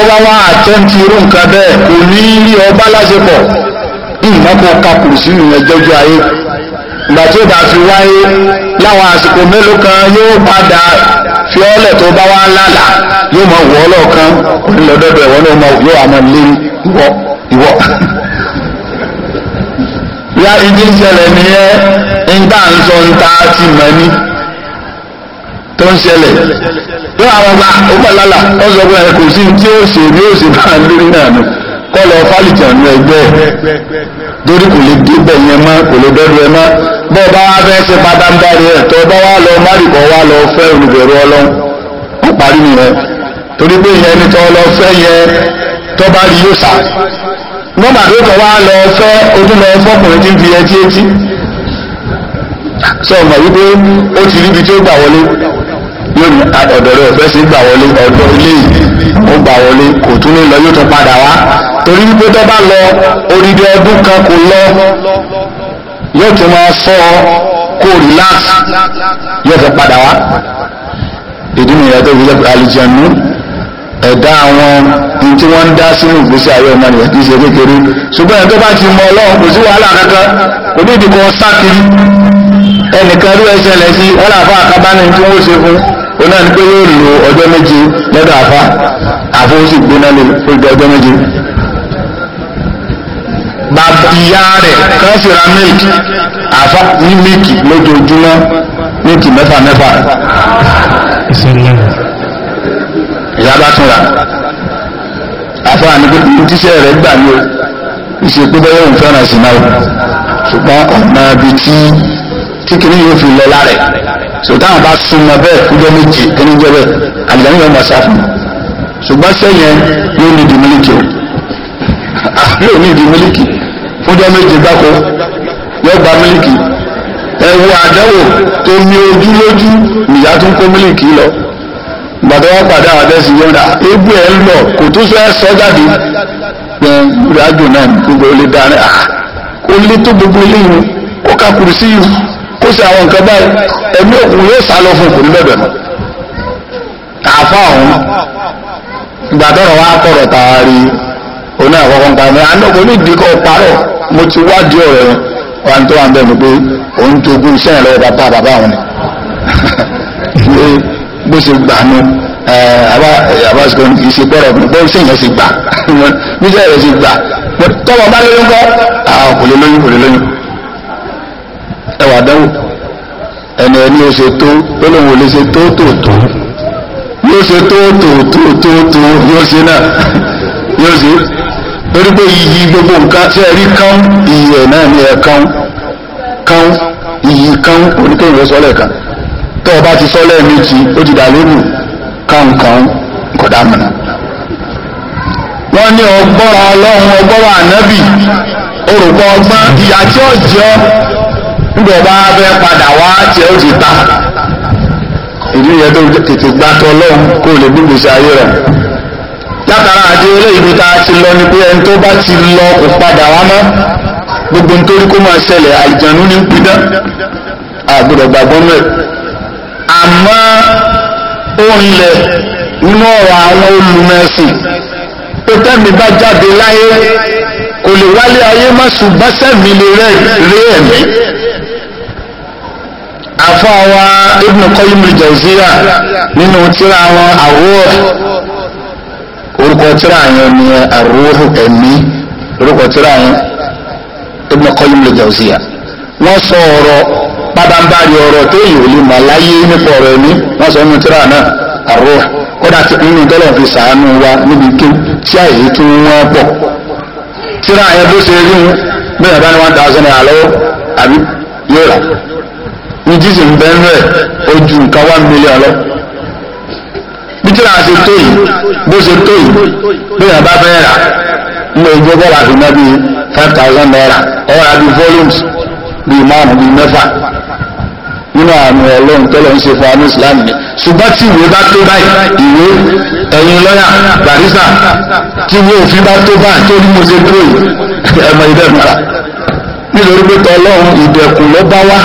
bọ́lá wọn àtẹ́ǹtì irú nǹkan bẹ́ẹ̀ kò ní rí ọba láṣepọ̀ nǹkan kakùrù sínú ẹjọ́ ayé ìgbà tí fi wáyé láwọn àsìkò mélòó kan yóò padà fi ọlẹ̀ tó bá wá lálàá yóò mọ wọ́ ẹ̀wọ́n náà ìwọ ìwọ. nìyẹn ń sọ ń ta ti mọ̀ ní tó ń yóò àwọn ọba ọgbàlálà ọsọ sí tí ó ṣe bí ó ṣe máa lórí náà nù kọ́ lọ fálìtì ẹgbẹ́ torí kò lè yẹn mọ́ kò lè dọ́dọ̀ ẹ mọ́ bọ́ọ̀ bá wá fẹ́ ṣe ẹ̀ tọ́ bá wá lọ márìkọ́ wá lọ fẹ́ olùbẹ̀rù ọlọ́run parí nìyẹn torí pé tọ́ lọ fẹ́ yẹn tọ́ bá rí yóò ma wípé yóò ní ọ̀dọ̀ rẹ̀ ọ̀fẹ́ sí gbà wọlé ọ̀dọ̀ ilé ó gbà wọlé kò tún ní lọ yóò tún padà wá torí wípé tó bá lọ odidi ọdún kan kò lọ yóò tún máa sọ kó relax yóò tún padà wá ìdí nìyẹn tó fi jẹ́ alìjẹ̀nú ẹ̀dá àwọn ohun tí wọ́n ń dá sínú ìgbésí ayé ọmọ nìyẹn kì í ṣe kékeré ṣùgbọ́n ẹni tó bá ti mọ ọlọ́run kò sí wàhálà kankan kò ní ìdíkọ̀ sákiri ẹnìkan ló ẹsẹ̀lẹ̀ sí wọn làfa àkábánì tí wọ́n ṣe fún un náà ni pé yóò lo ọjọ́ méje lọ́dọ̀ àfa àfọ ó sì gbóná lé fún ọjọ́ méje. bàbá ìyá rẹ̀ kan sì ra mílìkì àfa ní mílìkì lójoojúmọ́ mílìkì mẹ́fà mẹ́fà. ìyá bá tún ra àfa ní pé tíṣẹ́ gbà ní o ìṣèpé bẹ́ẹ̀ yóò fẹ́ràn sí náà ṣùgbọ́n ọ̀nà ibi tí kíkiri yóò fi lọ lára ẹ̀ sòtá àwọn bá súnmọ́ bẹ́ẹ̀ kújọ́ méje kíní jẹ́ bẹ́ẹ̀ àlìjáde yóò máa sáfù ṣùgbọ́n sẹ́yìn yóò ní di mílíkì o ah, yóò ní di mílíkì fúnjọ́ méje gbáko yóò gba mílíkì ẹ̀wù àdánwò tó mi ojú lójú nìyá tó ń kó mílíkì lọ gbàtọ́ padà wà yọ̀ǹda egbò ẹ̀ lọ kò tó fẹ́ sọ jáde gbẹ̀n ìrìnàjò náà gbogbo ilé dáná kò ah, lè tó gbogbo ilé yìí kó kakùrù sí yìí ó ṣe àwọn nǹkan báyìí ẹ̀mí òkun yóò sá lọ fún kò ní bẹ̀bẹ̀ mọ́ àfa ọ̀hún ìgbà tọrọ wa kọrọ tààrí oní àkọ́kọ́ ń parí àdókò ní ìdíkọ parọ́ mo ti wádìí ọ̀rẹ́ wa tó wà ń bẹ ni pé òun jogún iṣẹ́ yẹn bàbá bàbá òun ni pé bó ṣe gbà nu àbáṣekọ ìṣe gbọ́rọ̀ bó ṣe yẹn ṣe gbà bí ṣe yẹn ṣe gbà tọ́wọ́ bá lóyún kọ́ kò lè lóyún kò lè lóyún ẹwà dánwò ẹni ẹni ó ṣe tó ó lóun ò lè ṣe tó tòótó yóò ṣe tó tòótótótó yóò ṣe náà yóò ṣe torí pé iyì gbogbo nǹkan ṣe rí kán iyì ẹ̀ náà ni ẹ̀ kán kán iyì kán oníkéyìnbó sọ́lẹ̀ kan tó o bá ti sọ́lẹ̀ méjì ó ti dà lóbù kánkán kò dámọ̀nà wọ́n ní ọgbọ́ra ọlọ́run ọgbọ́ra ànábì orúkọ ọgbọ́n ìyá tí ó jẹ́ ọ́ nígbà bá fẹ́ padà wá tí ó ti ta ìlú yẹn tó tètè gbá tọ́ lọ́hùn kó lè bí gbèsè ayé rẹ̀ látara àti eléyìí tá a ti lọ ni pé ẹni tó bá ti lọ kò padà wá mọ́ gbogbo nítorí kó máa ṣẹlẹ̀ àìjànú ní pidán àgbọ̀dọ̀ gbàgbọ́ mẹ́ àmọ́ ó ń lẹ̀ nínú ọ̀rọ̀ àwọn olùmẹ̀sìn tó tẹ́mi bá jáde láyé kò lè wálé ayé má ṣùgbọ́n sẹ́mi lè rẹ̀ rí ẹ̀mí. àfáà wa Ibn Qayyim al nínú tíra àwọn àwọ̀ orúkọ tíra yẹn ni àrùhù ẹ̀mí orúkọ tíra Ibn Qayyim al wọ́n sọ ọ̀rọ̀ pábánbárì ọrọ tó yìí wọ́n sọ nínú tíra náà fi wa one thousand alo ní jíjì ń bẹ́ẹ̀ rẹ̀ ó ju nǹkan one million lọ bí tí wàá ṣe tó yìí bó ṣe tó yìí bí wàá bá fẹ́ rà ń lọ ìjọba wà fi náà bíi five thousand naira ọ̀rọ̀ àbí volumes bíi márùn bíi mẹ́fà nínú àmì ọlọ́run tọ́lọ́ ń ṣe fún àmì islam ni ṣùgbọ́n tí ìwé bá tó báyìí ìwé ẹ̀yin lọ́yà barista tí ìwé òfin bá tó báyìí tó ní mo ṣe dúró yìí ẹ̀mọ ìdẹ́mìta nítorí pé tọ́lọ́run ìdẹ̀kùn ló bá wá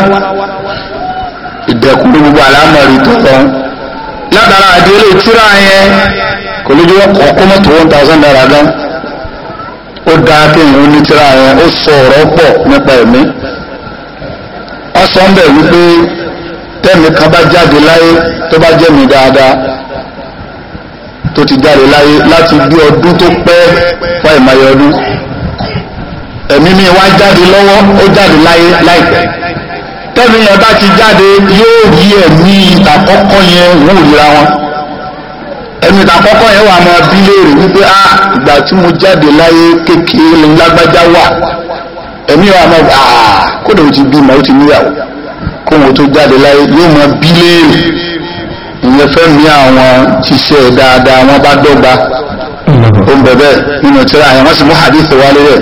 ìdẹ̀kùn gbogbo àlámọ̀rí tọ̀tọ̀ látara àdéhùn ìtura yẹn kò lójú wọn kọ́ tó one thousand naira gan ó dá ní tíra yẹn ó sọ ọ̀rọ̀ pọ̀ nípa ẹ̀mí wọ́n ń bẹ̀ wípé tẹ́mi bá jáde láyé tó bá jẹ́ jáde láyé láti bí ọdún tó pẹ́ fún ọdún ẹ̀mí jáde lọ́wọ́ ó jáde láyé láìpẹ́. tẹ́nu yẹn bá ti jáde yóò rí ẹ̀mí ìtàkọ́kọ́ yẹn wò ríra wọn ẹ̀mí ìtàkọ́kọ́ yẹn wà máa bí léèrè wípé a ah, ìgbà tí mo jáde láyé kékeré lè lágbájá wà ẹ̀mí wà máa bá a ah, kódà ó ti bímọ ó ti níyàwó kó wọn tó jáde láyé yóò máa bí léèrè ìyẹn fẹ́ mi àwọn ṣiṣẹ́ dáadáa wọn bá dọ́gba ó ń bẹ̀bẹ̀ nínú tíra yẹn wọ́n sì mú hadith wá lórí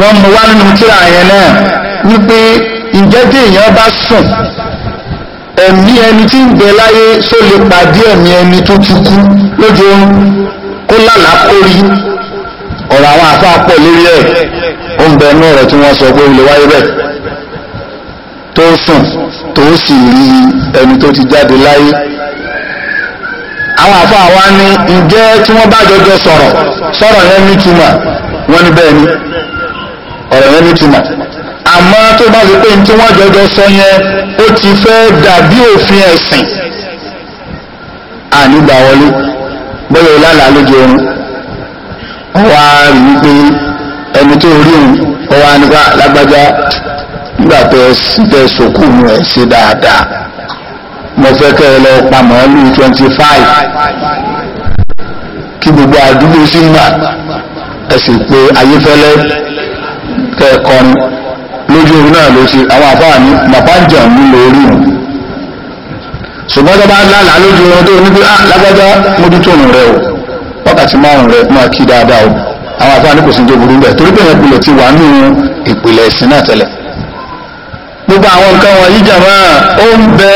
wọ́n mú wá nínú tíra yẹn náà wípé ǹjẹ́ tí èèyàn bá sùn ẹ̀mí ẹni tí ń bẹ láyé só lè pàdé ẹ̀mí ẹni tó ti kú lójú oorun kó lálàá kó rí ọ̀rọ̀ àwọn àfáà pọ̀ lórí ẹ̀ ó ń bẹ inú ọ̀rọ̀ tí wọ́n sọ pé ó lè wáyé bẹ́ẹ̀ tó sùn tó sì rí ẹni tó ti jáde láyé àwọn àfáà wa ní ǹjẹ́ tí wọ́n bá jọjọ sọ̀rọ̀ sọ̀rọ̀ yẹn nítumọ̀ wọ́n ní bẹ́ẹ̀ ni ọ̀rọ̀ yẹn nítumọ̀ àmọ́ tó bá ṣe pé ní tí wọ́n jọjọ sọ yẹn ó ti fẹ́ dàbí òfin ẹ̀sìn ànígbà wọlé bóyá ìlànà lójú oorun ọwọ́ rí wípé ẹni tó rí òun ọwọ́ nípa ah, lágbájá nígbà tẹ sòkú mu ẹ̀ ṣe dáadáa mo fẹ́ kẹ́ ẹ lọ pa màálù twenty five kí gbogbo àdúgbò sí mà ẹ sì pé ayéfẹ́lẹ́ kẹ́ ẹ kọrin. lójú orí náà ló ti àwọn àbáà ní màbájà ń lo orí wọn ṣùgbọ́n tó bá lálàá lójú wọn tó ní pé ah lágbájá mójútó òun rẹ o wákàtí márùn rẹ máa kí dáadáa o àwọn àbáà ní kò sí ní torí pé ti wà nínú ìpìlẹ̀ gbogbo àwọn nǹkan ó ń bẹ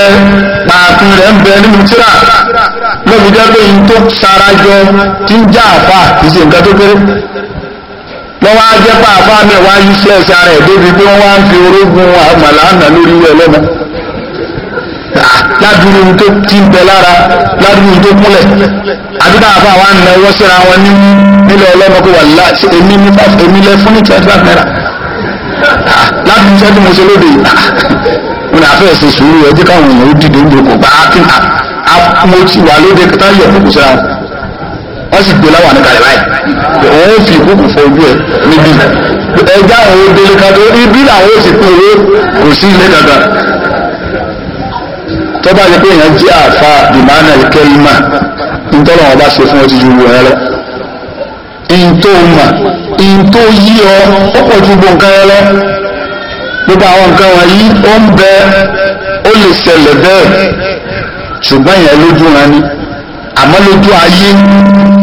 ń bẹ nínú tíra lóbi jẹ́ pé tó sarajọ ń já wọ́n wá jẹ́ pé àfa mi wá useless ara ẹ̀ débi pé wọ́n wá ń fi orógun àmàlà àná lórí ìwé ẹlẹ́mọ ládùúgbò ohun tó ti ń bẹ lára ládùúgbò ohun tó kúnlẹ̀ àdúgbò àfa wa ń náwó síra wọn ní nílẹ̀ ọlọ́mọ pé wà lá èmi ní èmi lẹ fún ní twenty five naira ládùúgbò sẹ́ni mo ṣe lóde yìí mo nà fẹ́ ṣe sùúrù ẹ jẹ́ káwọn èèyàn ó dìde ń jòkó bá a kí n kà á mo ti wà wọ́n sì gbé láwọn àdúgbò àlẹ́ báyìí òun ó fi ìkókò fọ ojú ẹ níbí ẹja àwọn òdele kan tó ibi làwọn ó sì pín owó kò sí ilé kankan tọ́ba ni pé èèyàn jẹ́ àfa ìmáàna ìkẹ́yìmá nítorí àwọn ọba ṣe fún ọtí ju wọ̀ ẹ lọ ntó mà ntó yí ọ ó pọ̀ ju gbogbo nǹkan lọ gbogbo àwọn nǹkan wọ̀nyí ó ń bẹ ó lè ṣẹlẹ̀ bẹ́ẹ̀ ṣùgbọ́n ìyẹn lójú wọn ni àmọ́ lójú ayé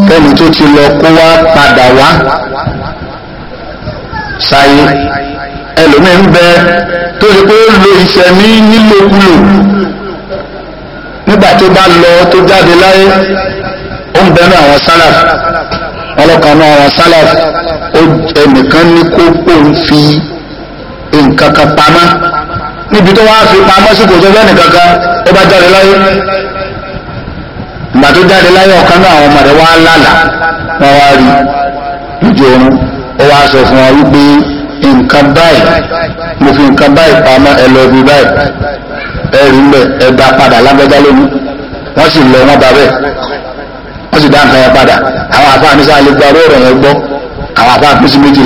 fẹ́ni tó ti lọ kó wá padà wá sáyé ẹlòmíín bẹ tó ṣe pé ó lo ìṣẹ̀mí nílòkulò nígbà tó bá lọ tó jáde láyé ó ń bẹnu àwọn sálàf ọlọ́kan àwọn sálàf ẹnìkan ní kókó ń fi nǹkan kan pamọ́ níbi tó wá fi pamọ́ sí kò tó fẹ́ nìkan kan ó bá jáde láyé. ìgbà tó jáde láyé ọ̀kan náà àwọn ọmọ rẹ̀ wá lálà wọ́n wá rí oorun ó wá sọ fún wa wípé nǹkan báyìí mo fi nǹkan báyìí pamọ́ ẹ lọ ibi báyìí ẹ rí mbẹ ẹ padà lágbájá lónìí wọ́n sì lọ wọ́n bá bẹ́ẹ̀ wọ́n sì dá nǹkan yẹn padà àwọn àfáà nísà lè gba yẹn gbọ́ àwọn àfáà sí méjì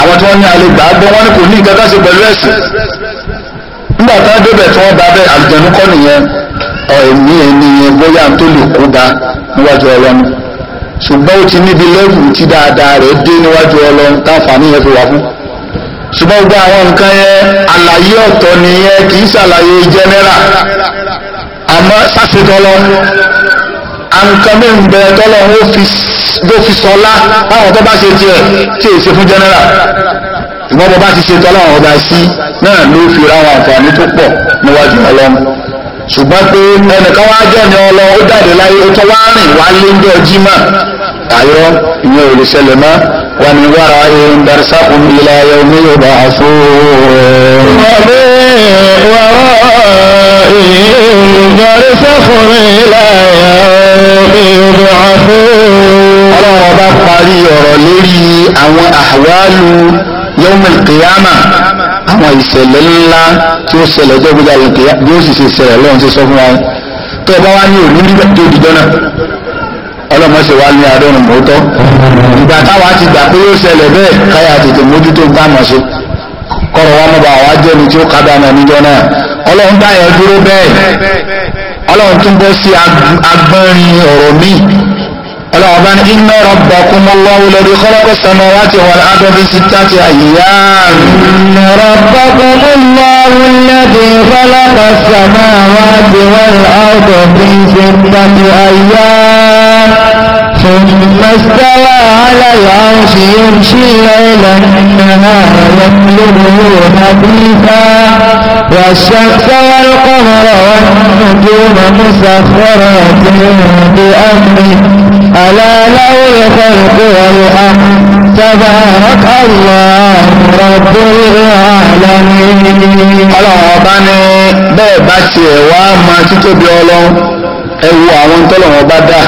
àwọn tí wọ́n ní alẹ́ gbà á gbọ́ wọ́n ní kò ní ẹ̀mí ẹni yẹn bóyá tó lè kó bá níwájú ọlọ́run ṣùgbọ́n ó ti níbi lẹ́bù tí dáadáa rẹ̀ dé níwájú ọlọ́run táǹfààní yẹn fi wà fún ṣùgbọ́n gbogbo àwọn nǹkan yẹn àlàyé ọ̀tọ̀ nìyẹn kì í ṣàlàyé jẹ́nẹ́rà àmọ́ sásìtọ́lọ́ àǹkan mi ń bẹ tọ́lọ́ ló fi sọlá báwọn tó bá ṣe tiẹ̀ tí èsì fún jẹ́nẹ́rà ṣùgbọ́n bó bá ti ṣe tọ́lọ́ àwọn ọba sí náà ló fi ra àwọn àǹfààní tó pọ̀ níwájú ọlọ́run ṣùgbọ́n pé ẹnìkan wá jọ ni ọlọ ó jáde láyé ó tún wá rìn wá léńjọ jimá àyọ ìyẹn ò lè ṣẹlẹ̀ mọ́ wọn ni wàrà ẹ̀yìn darisakun ilẹ̀ ayọ̀ ní yorùbá àfọ. wàbí wàrà ẹ̀yìn darisakun ilẹ̀ ayọ̀ ní yorùbá àfọ. ọlọ́wọ́ bá parí ọ̀rọ̀ lórí àwọn àwálù yawm al-qiyamah. àwọn ìṣẹ̀lẹ̀ ńlá tí ó ṣẹlẹ̀ ọjọ́ gbogbo àwọn kìíyà bí ó sì ṣe ṣẹlẹ̀ ṣe sọ fún wa tó bá wá ní òní nígbà tó dìjọ́ náà ọlọ́mọ wa ní mọ́tọ́ ìgbà táwa ti gbà pé ó ṣẹlẹ̀ bẹ́ẹ̀ káyà tètè mójútó bá mọ̀ ṣe kọ́rọ̀ wa mọ́ wa jẹ́ ni tí ó kábàá náà níjọ́ náà ọlọ́run bá yẹn dúró bẹ́ẹ̀ ọlọ́run tún bọ́ sí قلعبا إن ربكم الله الذي خلق السماوات والأرض في ستة أيام إن ربكم الله الذي خلق السماوات والأرض في ستة أيام ثم استوى على العرش يمشي الليل النهار يطلبه حديثا والشمس والقمر والنجوم مسخرات بأمره ألا له الخلق والأمر تبارك الله رب العالمين. ọlọ́run بني ní bẹ́ẹ̀ bá tiẹ̀ ẹ wo àwọn tọ́lọ̀wọ́n bá dá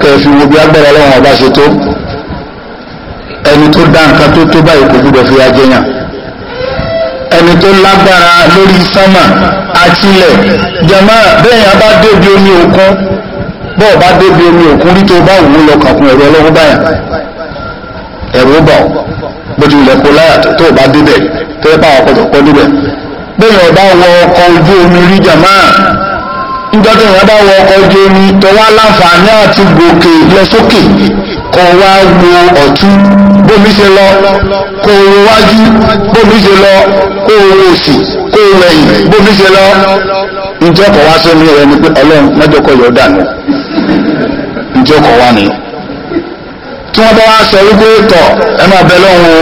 kẹfì wo bí agbára ọlọ́wọ́n bá ṣe tó ẹni tó dá nǹkan tó tó báyìí kò gbúdọ̀ fi ajẹyàn ẹni tó lágbára lórí sánmà àtilẹ̀ jẹ̀mọ́ bẹ́ẹ̀ yẹn bá débi omi òkun bọ́ọ̀ bá débi omi òkun rí tó bá wù ú lọ kàkún ẹ̀rọ ọlọ́wọ́ báyà ẹ̀rọ bà ọ́ bójú láyà tó bá débẹ̀ tó yẹ bá ọkọ̀ tó kọ́ débẹ̀ bẹ́ẹ̀ yẹn bá wọ ọkọ̀ ojú omi rí jẹ̀mọ́ níjọ́tí èèyàn bá wọ omi àti gòkè lọ sókè kó wá wo ọ̀tún bómi ṣe lọ kó wájú bómi ṣe lọ kó òsì ẹ̀yìn bómi ṣe lọ ọkọ̀ wá ni pé ọlọ́run dànù ọkọ̀ wá tí wọ́n bá wá sọ wípé tọ̀ ẹ máa bẹ lọ́hùn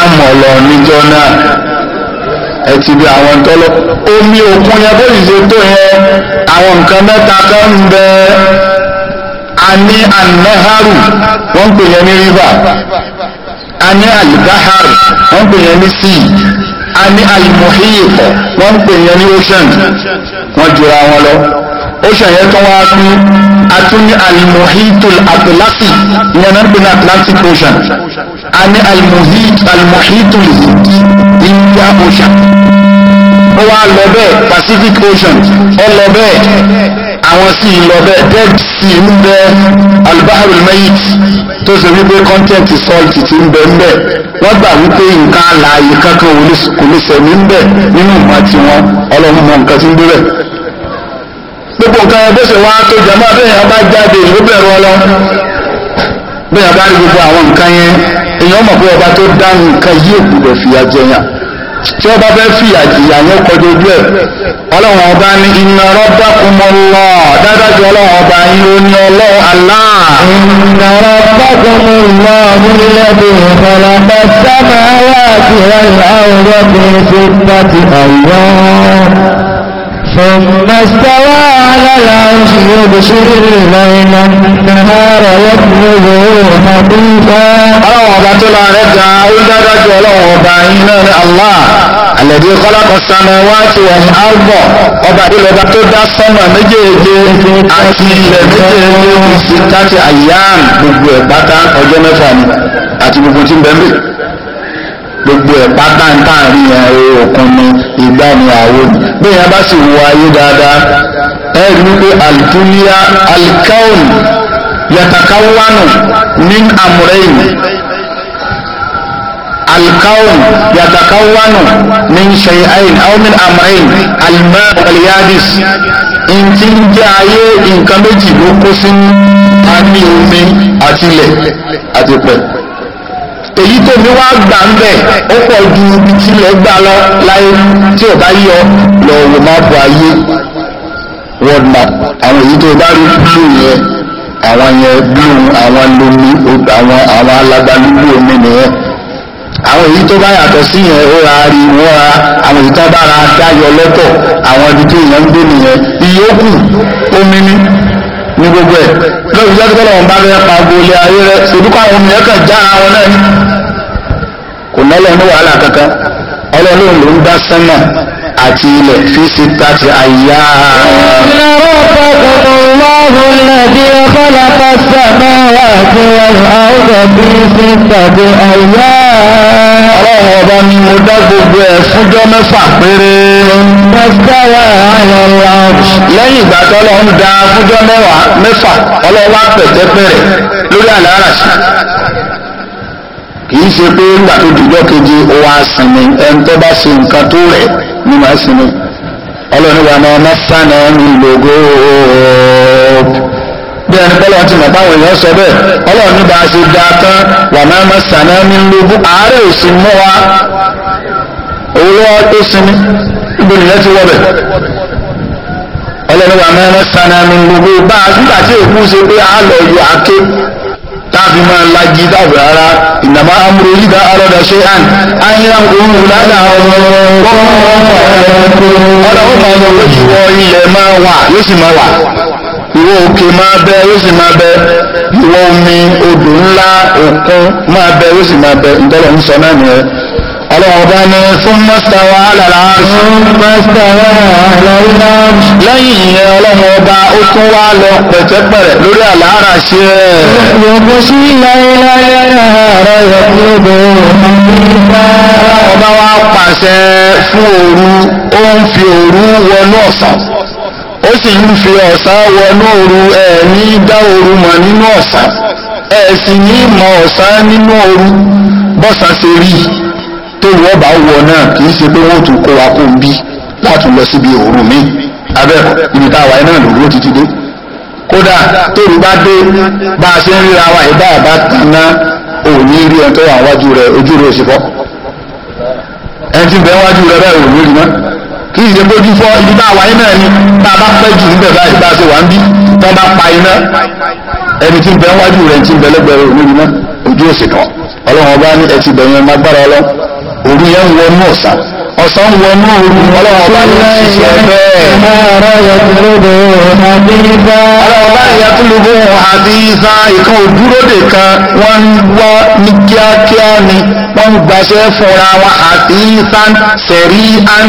àmọ̀ lọ níjọ́ náà ẹ ti bí àwọn tọ́lọ́ omi òkun yẹn bó ṣe tó yẹn àwọn nǹkan mẹ́ta kan ń bẹ a ní anaharu wọ́n ń pè yẹn ní river a ní alibaharu wọ́n ń pè yẹn ní sea a ní wọ́n pè yẹn ní ocean wọ́n jura wọn lọ ocean yẹn tó wá ní atúní alimuhitul atlasi ìyẹn náà gbé ní atlantic ocean a ní alimuhitul india ocean ó wá lọ bẹ́ẹ̀ pacific ocean ó lọ bẹ́ẹ̀ àwọn sì lọ bẹ́ẹ̀ dead sea ń bẹ albaharul mayit tó ṣe wípé content salt ti ń bẹ ń bẹ wọ́n gbà wípé nǹkan alààyè kankan kò lè sẹ̀mí ń bẹ nínú ìmọ̀ tiwọn ọlọ́run mọ nǹkan tí ń bẹ̀rẹ̀. gbogbo nǹkan ẹ bó ṣe wá tó jàmá bẹ́ẹ̀ bá jáde ìlú bẹ̀rù ọlọ bẹ́ẹ̀ bá rí gbogbo àwọn nǹkan yẹn èèyàn mọ̀ pé ọba tó dáhùn nǹkan yí òkùnkùn fìyà jẹyàn tí ọba fẹ́ fìyà jìyà yẹn kọjú ojú ẹ̀ ọba ní dáadáa ju ọlọ́run ọba yín ó ní ọlọ́run ثم استوى على العرش يبشر الليل النهار يطلبه حبيبا ọlọ́wọ́n ọba tó la rẹ̀ ga ó dájú ọlọ́wọ́n ọba yín náà ní allah alẹ́bí kọ́lákọ̀ sàmẹ̀ wá ti wọ̀ ní àgbọ̀ ọba ìlọba tó dá sọ́mà méjèèjì àti ilẹ̀ méjèèjì sí káàtì àyíyá gbogbo ẹ̀ pátá ọjọ́ mẹ́fà ni àti gbogbo tí ń bẹ́ẹ̀ gbogbo ẹ̀ pátá ń tààrin òkun ni ìgbà ni àwo bí yẹn bá sì wo ayé dáadáa ẹ rí i pé alìtúnyá alìkáwọn yàtàkáwánù ní àmúrẹ́yìn alkaun yatakawanu min shay'ain aw min amrayn alma wal yabis in ti ń jẹ ayé nǹkan méjì ló kó sínú a omi àtilẹ̀ àti pẹ̀ èyí tó mi wá gbà ń bẹ̀ ó pọ̀ ju ibi tí lọ gbà lọ láyé tí ò bá yọ lọ wò má bu ayé world map àwọn èyí tó bá rí blue yẹn àwọn yẹn blue àwọn lomi àwọn àwọn alágbálúgbò omi nìyẹn àwọn èyí tó bá yàtọ̀ sí yẹn ó ra rí wọ́n ra àwọn èyí tó bá ra dáyọ lọ́tọ̀ àwọn ibi tó yẹn ń gbé nìyẹn iye ó kù omi ní ní gbogbo ẹ̀ lórí ìjọ́ tó lọ́wọ́ bá rẹ̀ pa gbolé ayé rẹ̀ ṣèdúkọ́ àwọn ènìyàn kan já àwọn náà kò nọ́lọ́ ní wàhálà kankan ọlọ́run ló ń dá sánmà àti ilẹ̀ fi síta ti àyà. Ọlọ́run ọba ni mo dá gbogbo ẹ̀ fúnjọ́ mẹ́fà péré. Mọ̀sáwà àyọ̀lá. Lẹ́yìn ìgbà tó lọ ń da fúnjọ́ mẹ́wàá mẹ́fà, ọlọ́wà pẹ̀tẹ́pẹ̀rẹ̀ lórí àlàáràṣì kì í ṣe pé nígbà tó dùjọ́ keje ó wá sinmi ẹni tó bá ṣe nǹkan tó rẹ̀ ní màá sinmi ọlọ́run wa náà mọ́sánà ní lògó bí ẹni pẹ́lú ọtí mọ̀ báwọn èèyàn sọ bẹ́ẹ̀ ọlọ́run ní bá a ṣe dáa tán wà náà mọ́sánà ní lògó àárẹ̀ òsì mọ́ wa òun lọ́wọ́ tó sinmi ibi nìyẹn ti wọ́ bẹ̀ ọlọ́run wa náà mọ́sánà ní lògó bá a nígbà tí èkú ṣe pé a lọ yọ àké táàfin máa lajì táàfin ara ìnàmá amúrò yíga alọ́dà ṣe àn ayíra òun ládà ọlọ́run máa lọ ìwọ ilẹ̀ máa wa, yóò sì máa wà ìwọ òkè máa bẹ yóò sì máa bẹ ìwọ omi odò ńlá òkun máa bẹ yóò sì máa bẹ ntọ́lọ́ ń sọ náà nìyẹn ọlọ́ọ̀bá ni súnmọ́sítàwà alàláàṣì súnmọ́sítàwà alàláàṣì lẹ́yìn ìyẹn ọlọ́run ọba ó tún wá lọ pẹ̀tẹ́pẹ̀rẹ̀ lórí àlàárà ṣe ẹ̀ yọ̀bọ̀ sí láìláyàrá yọ̀bọ̀ ọba wa pàṣẹ fún òru ó ń fi òru wọnú ọ̀sán ó sì ń fi ọ̀sán wọnú òru ẹ̀ dá òru mọ̀ nínú ọ̀sán ẹ̀ sì ní mọ̀ ọ̀sán nínú òru bọ́sà ṣe rí tó wọ́n bá wọ náà kì í ṣe pé wọ́n tún kó wa kó bí láti lọ síbi òru mi abẹ́kọ̀ ibi táwa iná lòrú títí dé kódà bá dé bá a wa àbá rí tó wà wájú rẹ ojú rẹ rí mọ́ bójú ni bá a bá pẹ́ jù níbẹ̀ báyìí bá wà ń bí bá pa iná ẹni tí wájú òní rí mọ́ ojú ní òru yẹn ń wọnú ọ̀sán ọ̀sán wọnú òru ọlọ́run ọba ló ń ṣiṣẹ́ bẹ́ẹ̀. ọlọ́run ọba ìyá tó ló bóun àdìsá ìkan òdúródè kan wọ́n ń wá ní kíákíá ni wọ́n ń gbaṣẹ́ fúnra wọn àdìsá sẹ̀rí án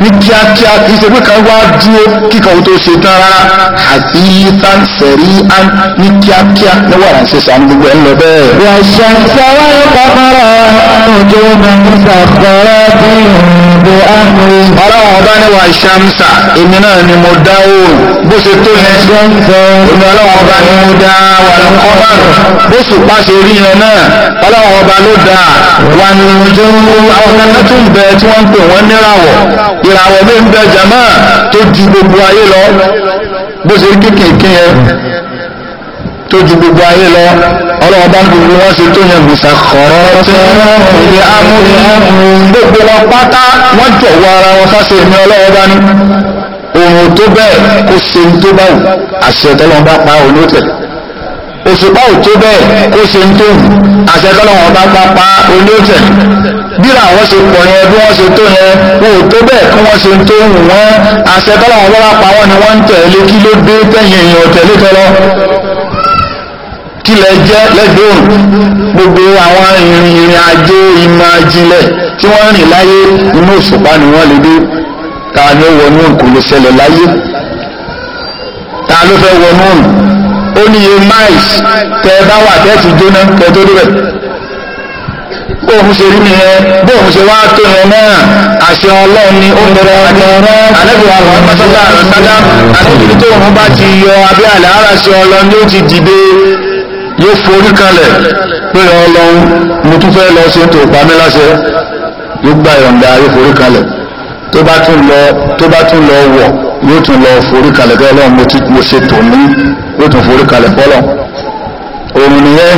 ní kíákíá kìí ṣe pé kan wá dúró kíkà ó tó ṣe tán rárá àti yíyítán sẹ̀rí án ní kíákíá ní wàrà ń ṣe sàánú gbogbo ẹ̀ ń lọ bẹ́ẹ̀. yàtọ̀ sáwá ìpamọ́ra ojú mẹ́ta kọ́ra bí ìrìnbó àmì. ọlọ́run ọba ní wàá ṣàmùsà èmi náà ni mo dá òòrùn bó ṣe tó yẹn. èmi ọlọ́run ọba ni mo dá wà ní bó sì pàṣẹ rí ìràwọ̀ mi ń bẹ jàmá tó ju gbogbo ayé lọ bó ṣe kékèké yẹn tó ju gbogbo ayé lọ ọlọ́wọ́ bá ń gbogbo wọn ṣe tó yẹn gbèsà kọ̀ọ̀rọ̀ ìdí amúlẹ̀ gbogbo wọn pátá wọn jọ̀wọ́ ara wọn fáṣe mi ọlọ́wọ́ bá ní òun tó bẹ́ẹ̀ kó ṣe ń tó bá àṣẹ tọ́lọ́wọ́ pa òun ló tẹ̀lé òṣùpá ò tó bẹ́ẹ̀ kó ṣe ń tó àṣẹ tọ́lọ́wọ́n bá pápá olóòtẹ̀ bíra àwọn ṣe pọ̀ yẹn bí wọ́n ṣe tó yẹn wọn ò tó bẹ́ẹ̀ kí wọ́n ṣe ń tó wù wọ́n àṣẹ tọ́lọ́wọ́n bá pa wọ́n ni wọ́n ń tẹ̀lé kí ló dé tẹ̀yìn èèyàn tẹ̀lé tọ́lọ́ kí lẹ jẹ́ lẹ́gbẹ̀ẹ́ gbogbo àwọn ìrìn ìrìn àjò ìmọ̀ àjìnlẹ̀ tí wọ́n rìn láyé inú òṣùpá ni wọ́n lè dé ta ni ó wọnú kò ṣẹlẹ̀ láyé ta ló fẹ́ wọnú ó ní iye miles tẹ ẹ bá wà tẹ́ẹ̀tì jóná tẹ tó débẹ̀ bóun ṣe rí nìyẹn bóun ṣe wá tó yẹn náà àṣẹ ọlọ́run ni ó bẹ̀rẹ̀ ọ̀rẹ́ alẹ́bùwà àwọn mọ́sálà rẹ̀ sádá alẹ́bìrì tó òun bá ti yọ abẹ́ àlàárà ṣe ọlọ́run yóò ti dìde yóò forí kalẹ̀ pé ọlọ́run mo tún fẹ́ lọ sí tòpamẹ́láṣẹ yóò gbà yọ̀ǹda yóò forí kalẹ̀. tó bá tún lọ tó bá tún lọ yóò tún lọ forí kalẹ̀ bẹ́ẹ̀ lọ́wọ́ mo ti mo ṣe tò ní yóò tún forí kalẹ̀ bọ́lọ̀ òun nìyẹn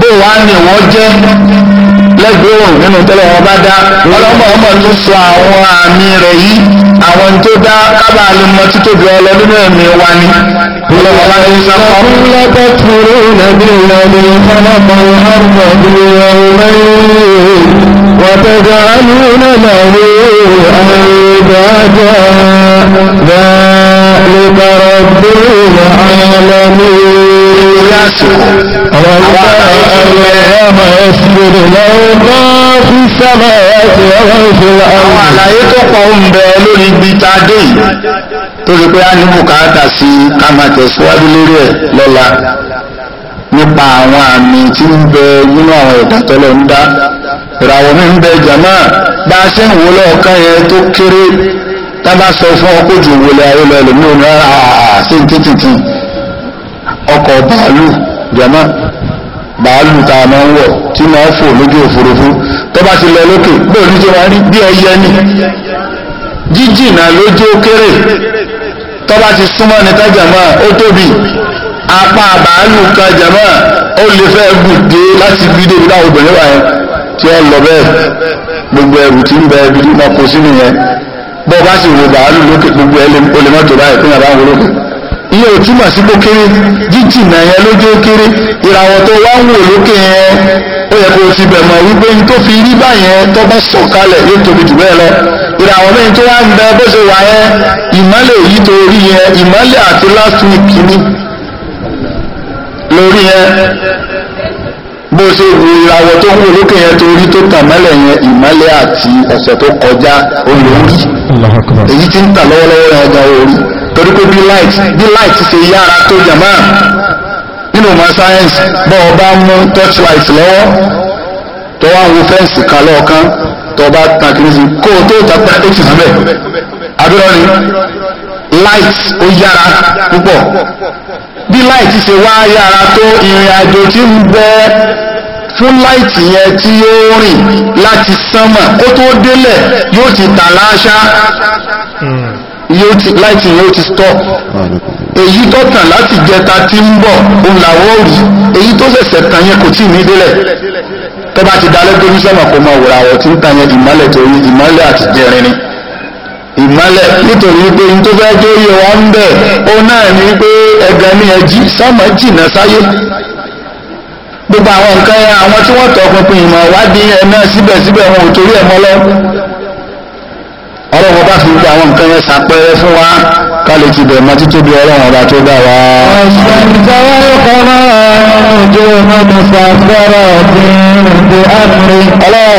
bó wàá ní jẹ́ lẹ́gbẹ̀ẹ́ òun nínú tẹ́lẹ̀ wọn bá dá ọlọ́mọ ọmọ tó sọ àwọn إنكم لتكفرون بالذي خلق الأرض في يومين وتجعلون لَهُ أندادا ذلك رب العالمين وما الله يصبر له ما في السماوات وما في الأرض. tó pé a ní bùkátà sí ká máa tẹ̀síwájú lórí ẹ̀ lọ́la nípa àwọn àmì tí ń bẹ nínú àwọn ẹ̀dá tọ́lọ̀ ń dá ìràwọ̀ mi ń bẹ jàmá bá a ṣe tó kéré fún ọ kó ju ayé lọ ẹlòmíràn ní sí ah, ah, ah, títìtì ọkọ̀ bàálù jàmá bàálù tá a máa ń wọ̀ tí máa ń fò lójú òfurufú tó bá ti lọ lókè bóòlù tó máa tọ́ba ti súnmọ́ ní kájàmọ́ ó tóbi apá bàálù kájàmọ́ ó lè fẹ́ gùdé láti bí débi láwọn obìnrin wà yẹn tí ó lọ bẹ́ẹ̀ gbogbo ẹrù tí ń bẹ ibi tí wọ́n kó sínú yẹn bọ́ọ̀ bá sì wo bàálù lókè gbogbo ẹ lè mọ́tò báyìí fún yàrá wọn lókè ìyẹn ò túmọ̀ sí bókéré jíjìnà yẹn lójó kéré ìràwọ̀ tó wá ń wò lókè yẹn ó yẹ kó o ti bẹ̀ mọ̀ wípé n tó fi rí báyẹn tó bá sọ̀ kalẹ̀ yóò tóbi jù bẹ́ẹ̀ lọ ìràwọ̀ bẹ́ẹ̀ tó wá ń bẹ bó ṣe wà yẹn ìmọ́lẹ̀ èyí tó rí yẹn ìmọ́lẹ̀ àti last week ni lórí yẹn bó ṣe wo ìràwọ̀ tó ń wò lókè yẹn tó rí tó tàn mọ́lẹ̀ yẹn ìmọ́lẹ̀ àti ọ̀sẹ̀ tó kọjá olórí èyí tí ń tà lọ́wọ́lọ́wọ́ torí pé bí light bí light ṣe yára tó jàmá nínú ma science bọ́ ọ bá mú torchlight lọ́wọ́ tó wá ń wo fẹ́ǹsì kan lọ́ọ̀kan tó bá tan kìíní sí kó o tó ta pa eight síbẹ̀ abirọ ni light ó yára púpọ̀ bí light ṣe wá yára tó ìrìn àjò tí ń bẹ fún láìtì yẹn tí yóò rìn láti sánmà kó tó délẹ̀ yóò ti tàlàṣá hmm yóò ti láìsí yóò ti stop èyí tó tàn láti jẹta tí ń bọ̀ òun làwọ̀ rí èyí tó ṣẹ̀ṣẹ̀ tàn yẹn kò tí ì ní délẹ̀ tó bá ti dalẹ́ tó ní sọ́mà kó máa wòrà àwọ̀ tí ń tàn yẹn ìmọ́lẹ̀ tó rí ìmọ́lẹ̀ àti jẹrin ni nítorí pé n tó fẹ́ tó yẹ wá ń bẹ̀ náà ní pé ẹ̀gàn ní ẹjí sọ́mà jìnnà sáyé gbogbo àwọn nǹkan àwọn tí wọ́n tọpinpin ìmọ̀ wádìí ẹ̀ náà síbẹ̀síbẹ̀ wọn ò torí ẹ̀ mọ́ lọ́wọ́ ọlọ́run bá fi gbogbo àwọn nǹkan yẹn ṣàpẹẹrẹ fún wa ká lè ti bẹ̀rẹ̀ mọ́ títóbi ọlọ́run ọba tó dá wa. ọlọ́run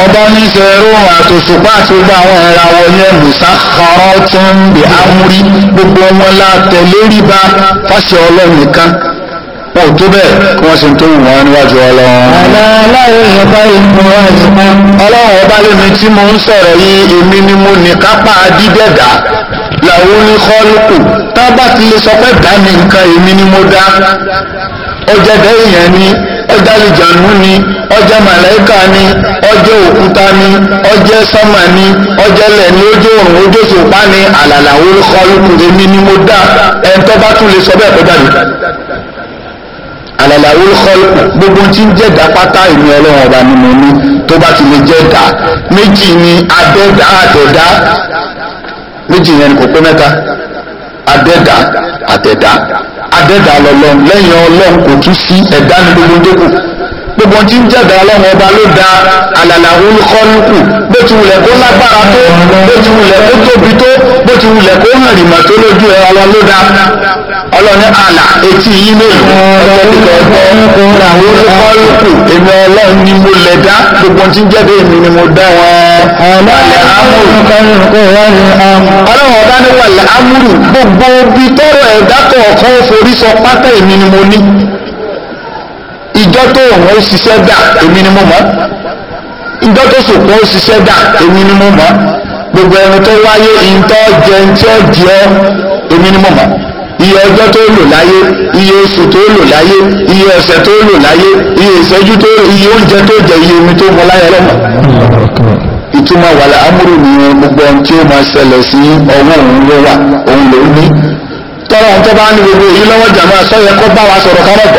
ọba ní ṣe rún àtòṣùpá àti gbogbo àwọn ìràwọ̀ yẹn musa kọ́rọ́ tó ń bí amúrí gbogbo wọn la tẹ̀lé rí fáṣẹ ọlọ́run nìkan wọn ò tó bẹ́ẹ̀ kí wọ́n ṣe ń tó wù wọ́n níwájú ọlọ́run. aláàlàyé ìyọba ìmọ̀ àyíká. ọlọ́run ọba lèmi tí mo ń sọ̀rọ̀ yìí èmi ni mo ní kápá dídẹ̀dá làwọn oníkọ́lùkù tá a bá ti lè sọ pé dá mi nǹkan èmi ni mo dá ọjọ́dẹ èèyàn ni ọjọ́ àlùjànnú ni ọjọ́ màláìka ni ọjọ́ òkúta ni ọjọ́ sọ́mà ni ọjọ́ lẹ̀ ni ọjọ́ òrùn ọjọ́ sòpá ni àlàlà orúkọ olùkùnrin ni mo dá ẹni bá tún lè sọ bẹ́ẹ̀ kọjá mi àlàlà olùkọ́lù gbogbo tí ń jẹ́dá pátá ìní ọlọ́run ọba ni mo ní tó bá ti lè jẹ́dá méjì ni adẹ́dá àtẹ̀dá méjì yẹn kò pé mẹ́ta adẹ́dá àtẹ̀dá adẹ́dá lọ́lọ́run lẹ́yìn ọlọ́run kò tún sí ẹ̀dá ní gbogbo dókòó gbogbo tí ń jẹ́dà ọlọ́run ọba ló da àlàlàwò olùkọ́lùkù bó ti wulẹ̀ kó lágbára tó bó ti wulẹ̀ kó tóbi tó bó ti wulẹ̀ kó hàn rìmọ̀ tó lójú ẹ ló da ọlọ́run àlà etí yín lónìí ọjọ́ ìgbà ọgbọ́ làwọn olùkọ́lùkù èmi ọlọ́run ni mo lẹ̀ dá gbogbo tí ń jẹ́dà èmi ni mo dá wọn. ọlọ́run ọba ní wàlẹ̀ amúrù gbogbo bí tọ́rọ̀ ẹ̀dá kọ̀ọ̀kan forí sọ pátá èmi ni mo ní ìjọ tó òun ó ṣiṣẹ́ dà èmi ni mo mọ̀ ìjọ tó sòkò ó ṣiṣẹ́ dà èmi ni mo mọ̀ gbogbo ẹni tó wáyé ìtọ́ jẹ tí ó di ọ́ èmi ni mo mọ̀ iye ọjọ́ tó lò láyé iye oṣù tó lò láyé iye ọ̀sẹ̀ tó lò láyé iye ìṣẹ́jú tó iye oúnjẹ tó jẹ iye omi tó mu láyé lọ́mọ. ìtumọ̀ wàlà amúrò nìyẹn gbogbo ohun tí ó máa ṣẹlẹ̀ sí ọwọ́ òun ló wà òun ló ní. tọ́lá ohun tó bá ní gbogbo èyí lọ́wọ́ jàmáà sọ kó bá wa sọ̀rọ̀ kárọ̀bọ̀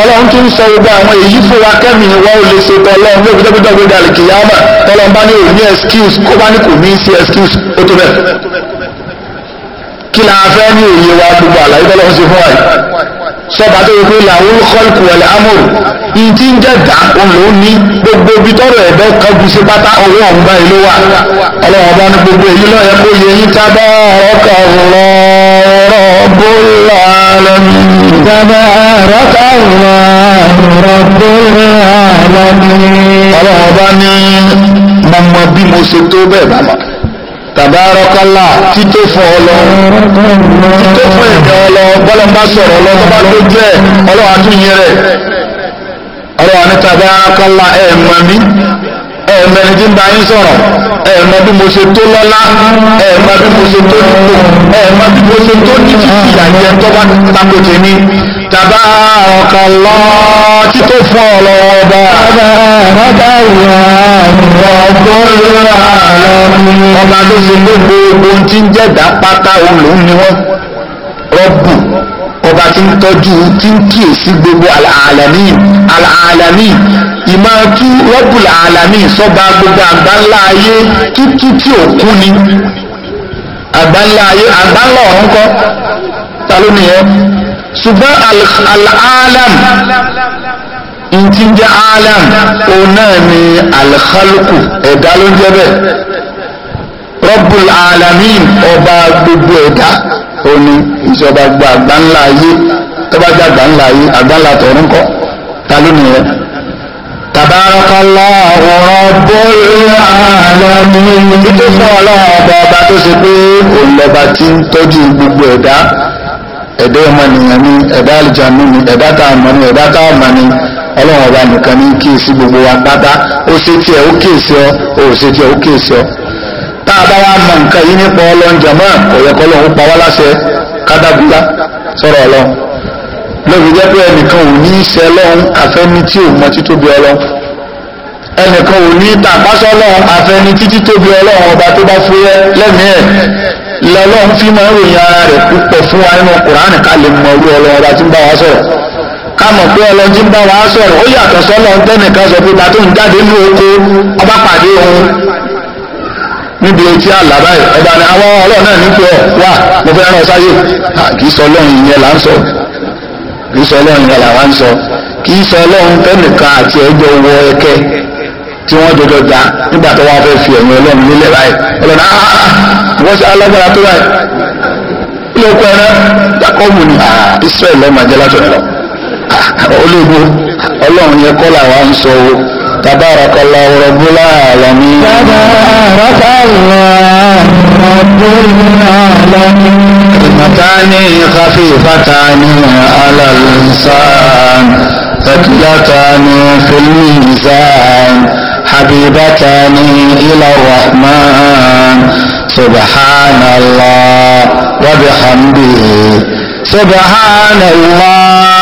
ọlọ́run tún sọ gbogbo àwọn èyí fúnra kẹ́mi wọ́n ò lè ṣe tọ́lọ́run ló fi dẹ́gbẹ́dẹ́ gbogbo àlìkìyàmà tọ́lọ́run bá ní òun ní excuse kó bá ní kò ní sí excuse ó tó bẹ́ẹ̀ kí la fẹ́ ní òye wa gbogbo àlàyé tọ́lọ́run ṣe fún wa yìí sọba tó yẹ pé làwọn kọlùkù wẹ̀lẹ̀ amòrò ní tí ń jẹ́dá òun ní gbogbo ibi tọ́rọ̀ ẹ̀bẹ́ kọjú sí pátá owó ọ̀hún báyìí ló wà ọlọ́wọ́n bá ní gbogbo èyí ló yẹ kó yẹ yín tábà ọkọ̀ lọ́rọ̀ bóyá lẹ́nu. tábà ọkọ̀ lọ́rọ̀ bóyá lẹ́nu. ọlọ́wọ́n bá ní mọ̀mọ́ bí mo ṣe tó bẹ́ẹ̀ bá mọ̀ tàbárọ́kálà tító fún ọlọ tító fún ẹ̀dá ọlọ bọ́lọ́mbà sọ̀rọ̀ ọlọ tó bá lójú ẹ̀ ọlọ́wà àtúnyẹ rẹ̀ ọlọ́wà ní tàbárọ́kálà ẹ̀ẹ̀mọ̀ mi ẹ̀ẹ̀mọ̀ ẹni tí ń bá yín sọ̀rọ̀ ẹ̀ẹ̀mọ̀ bí mo ṣe tó lọ́lá ẹ̀ẹ̀mọ̀ bí mo ṣe tó nípò ẹ̀ẹ̀mọ̀ bí mo ṣe tó ní Tabarakallah tító fún ọlọ́wọ́ ọba. Ọba ló ṣe gbogbo ohun tí ń jẹ́dá pátá olóhùn ni wọ́n rọ́bù ọba tí ń tọ́jú tí ń kíyèsí gbogbo alààlámì alààlámì ìmọ̀ọ́tú rọ́bùl alààlámì sọ́ba gbogbo àgbáńlá ayé tútú tí ò kú ni àgbáńlá ayé àgbáńlá ọ̀hún kọ́ ta ló nìyẹn ṣùgbọ́n al'alam ìtí jẹ́ alam o náà ni alkhalku ẹ̀dá ló ń jẹ́ bẹ́ẹ̀ Rabbul alamin ọba gbogbo ẹ̀dá o ní ìṣọba gba àgbáńlá ayé tọ́bá jẹ́ àgbáńlá ayé àgbáńlá tọ̀rún kọ́ ta ló nìyẹn Tabarakallahu Rabbul alamin. Títí fún ọlọ́run ọba ọba tó ṣe pé òun lọ́ba ń tọ́jú gbogbo ẹ̀dá ede ọmọ nìyẹn ni ẹ̀dá ni ẹ̀dá tá a mọ̀ ni ni ọba nìkan ní gbogbo wa pátá ó ṣe tiẹ̀ ó kíyèsí ọ ó ṣe tiẹ̀ ó kíyèsí ọ tá a bá mọ nǹkan yìí nípa ọlọ. mọ́ kò lọ́hún pa wá láṣẹ sọ̀rọ̀ lóbi jẹ́ pé ẹnìkan ò ní í ṣe tí ò mọ lọ́lọ́run fi máa ń ròyìn ara rẹ̀ púpọ̀ fún wa nínú kùránì ká lè mọ orí ọlọ́run bá ti ń bá wa sọ̀rọ̀ ká mọ̀ pé ọlọ́run ti ń bá wa sọ̀rọ̀ ó yàtọ̀ sọ́lọ́ tẹ́nìkan sọ pé bàtó jáde ní oko ọba pàdé òun níbi etí àlá báyìí ọba ni àwọn ọlọ́run náà nífẹ̀ẹ́ ọ̀ wà mo fẹ́ rán ọ sáyé kì í sọ ọlọ́run ìyẹn là ń sọ kì í sọ ọlọ́run ìyẹn là wá ń sọ kì í sọ ọlọ́run tẹ́nìkan àti ẹjọ́ wọ ẹkẹ́ tí wọ́n jọjọ ta nígbà tó wọ́n fẹ́ fi ẹ̀yìn ọlọ́run nílẹ̀ báyìí ọlọ́run áá ah, ah, ah, wọ́n ṣe alágbára tó báyìí ilé ọkọ ẹ̀rẹ́ jákọ́ọ̀mù ni Israẹli lọ́mọ ajẹ́ látọ̀ lọ olóògùn ọlọ́run yẹn kọ́ làwa ń sọ o tabarakallahu rabbul alamin. tabarakallahu rabbul alamin. kalimatani khafifatani ala al-insan ثقلتان في الميزان حبيبتان إلى الرحمن سبحان الله وبحمده سبحان الله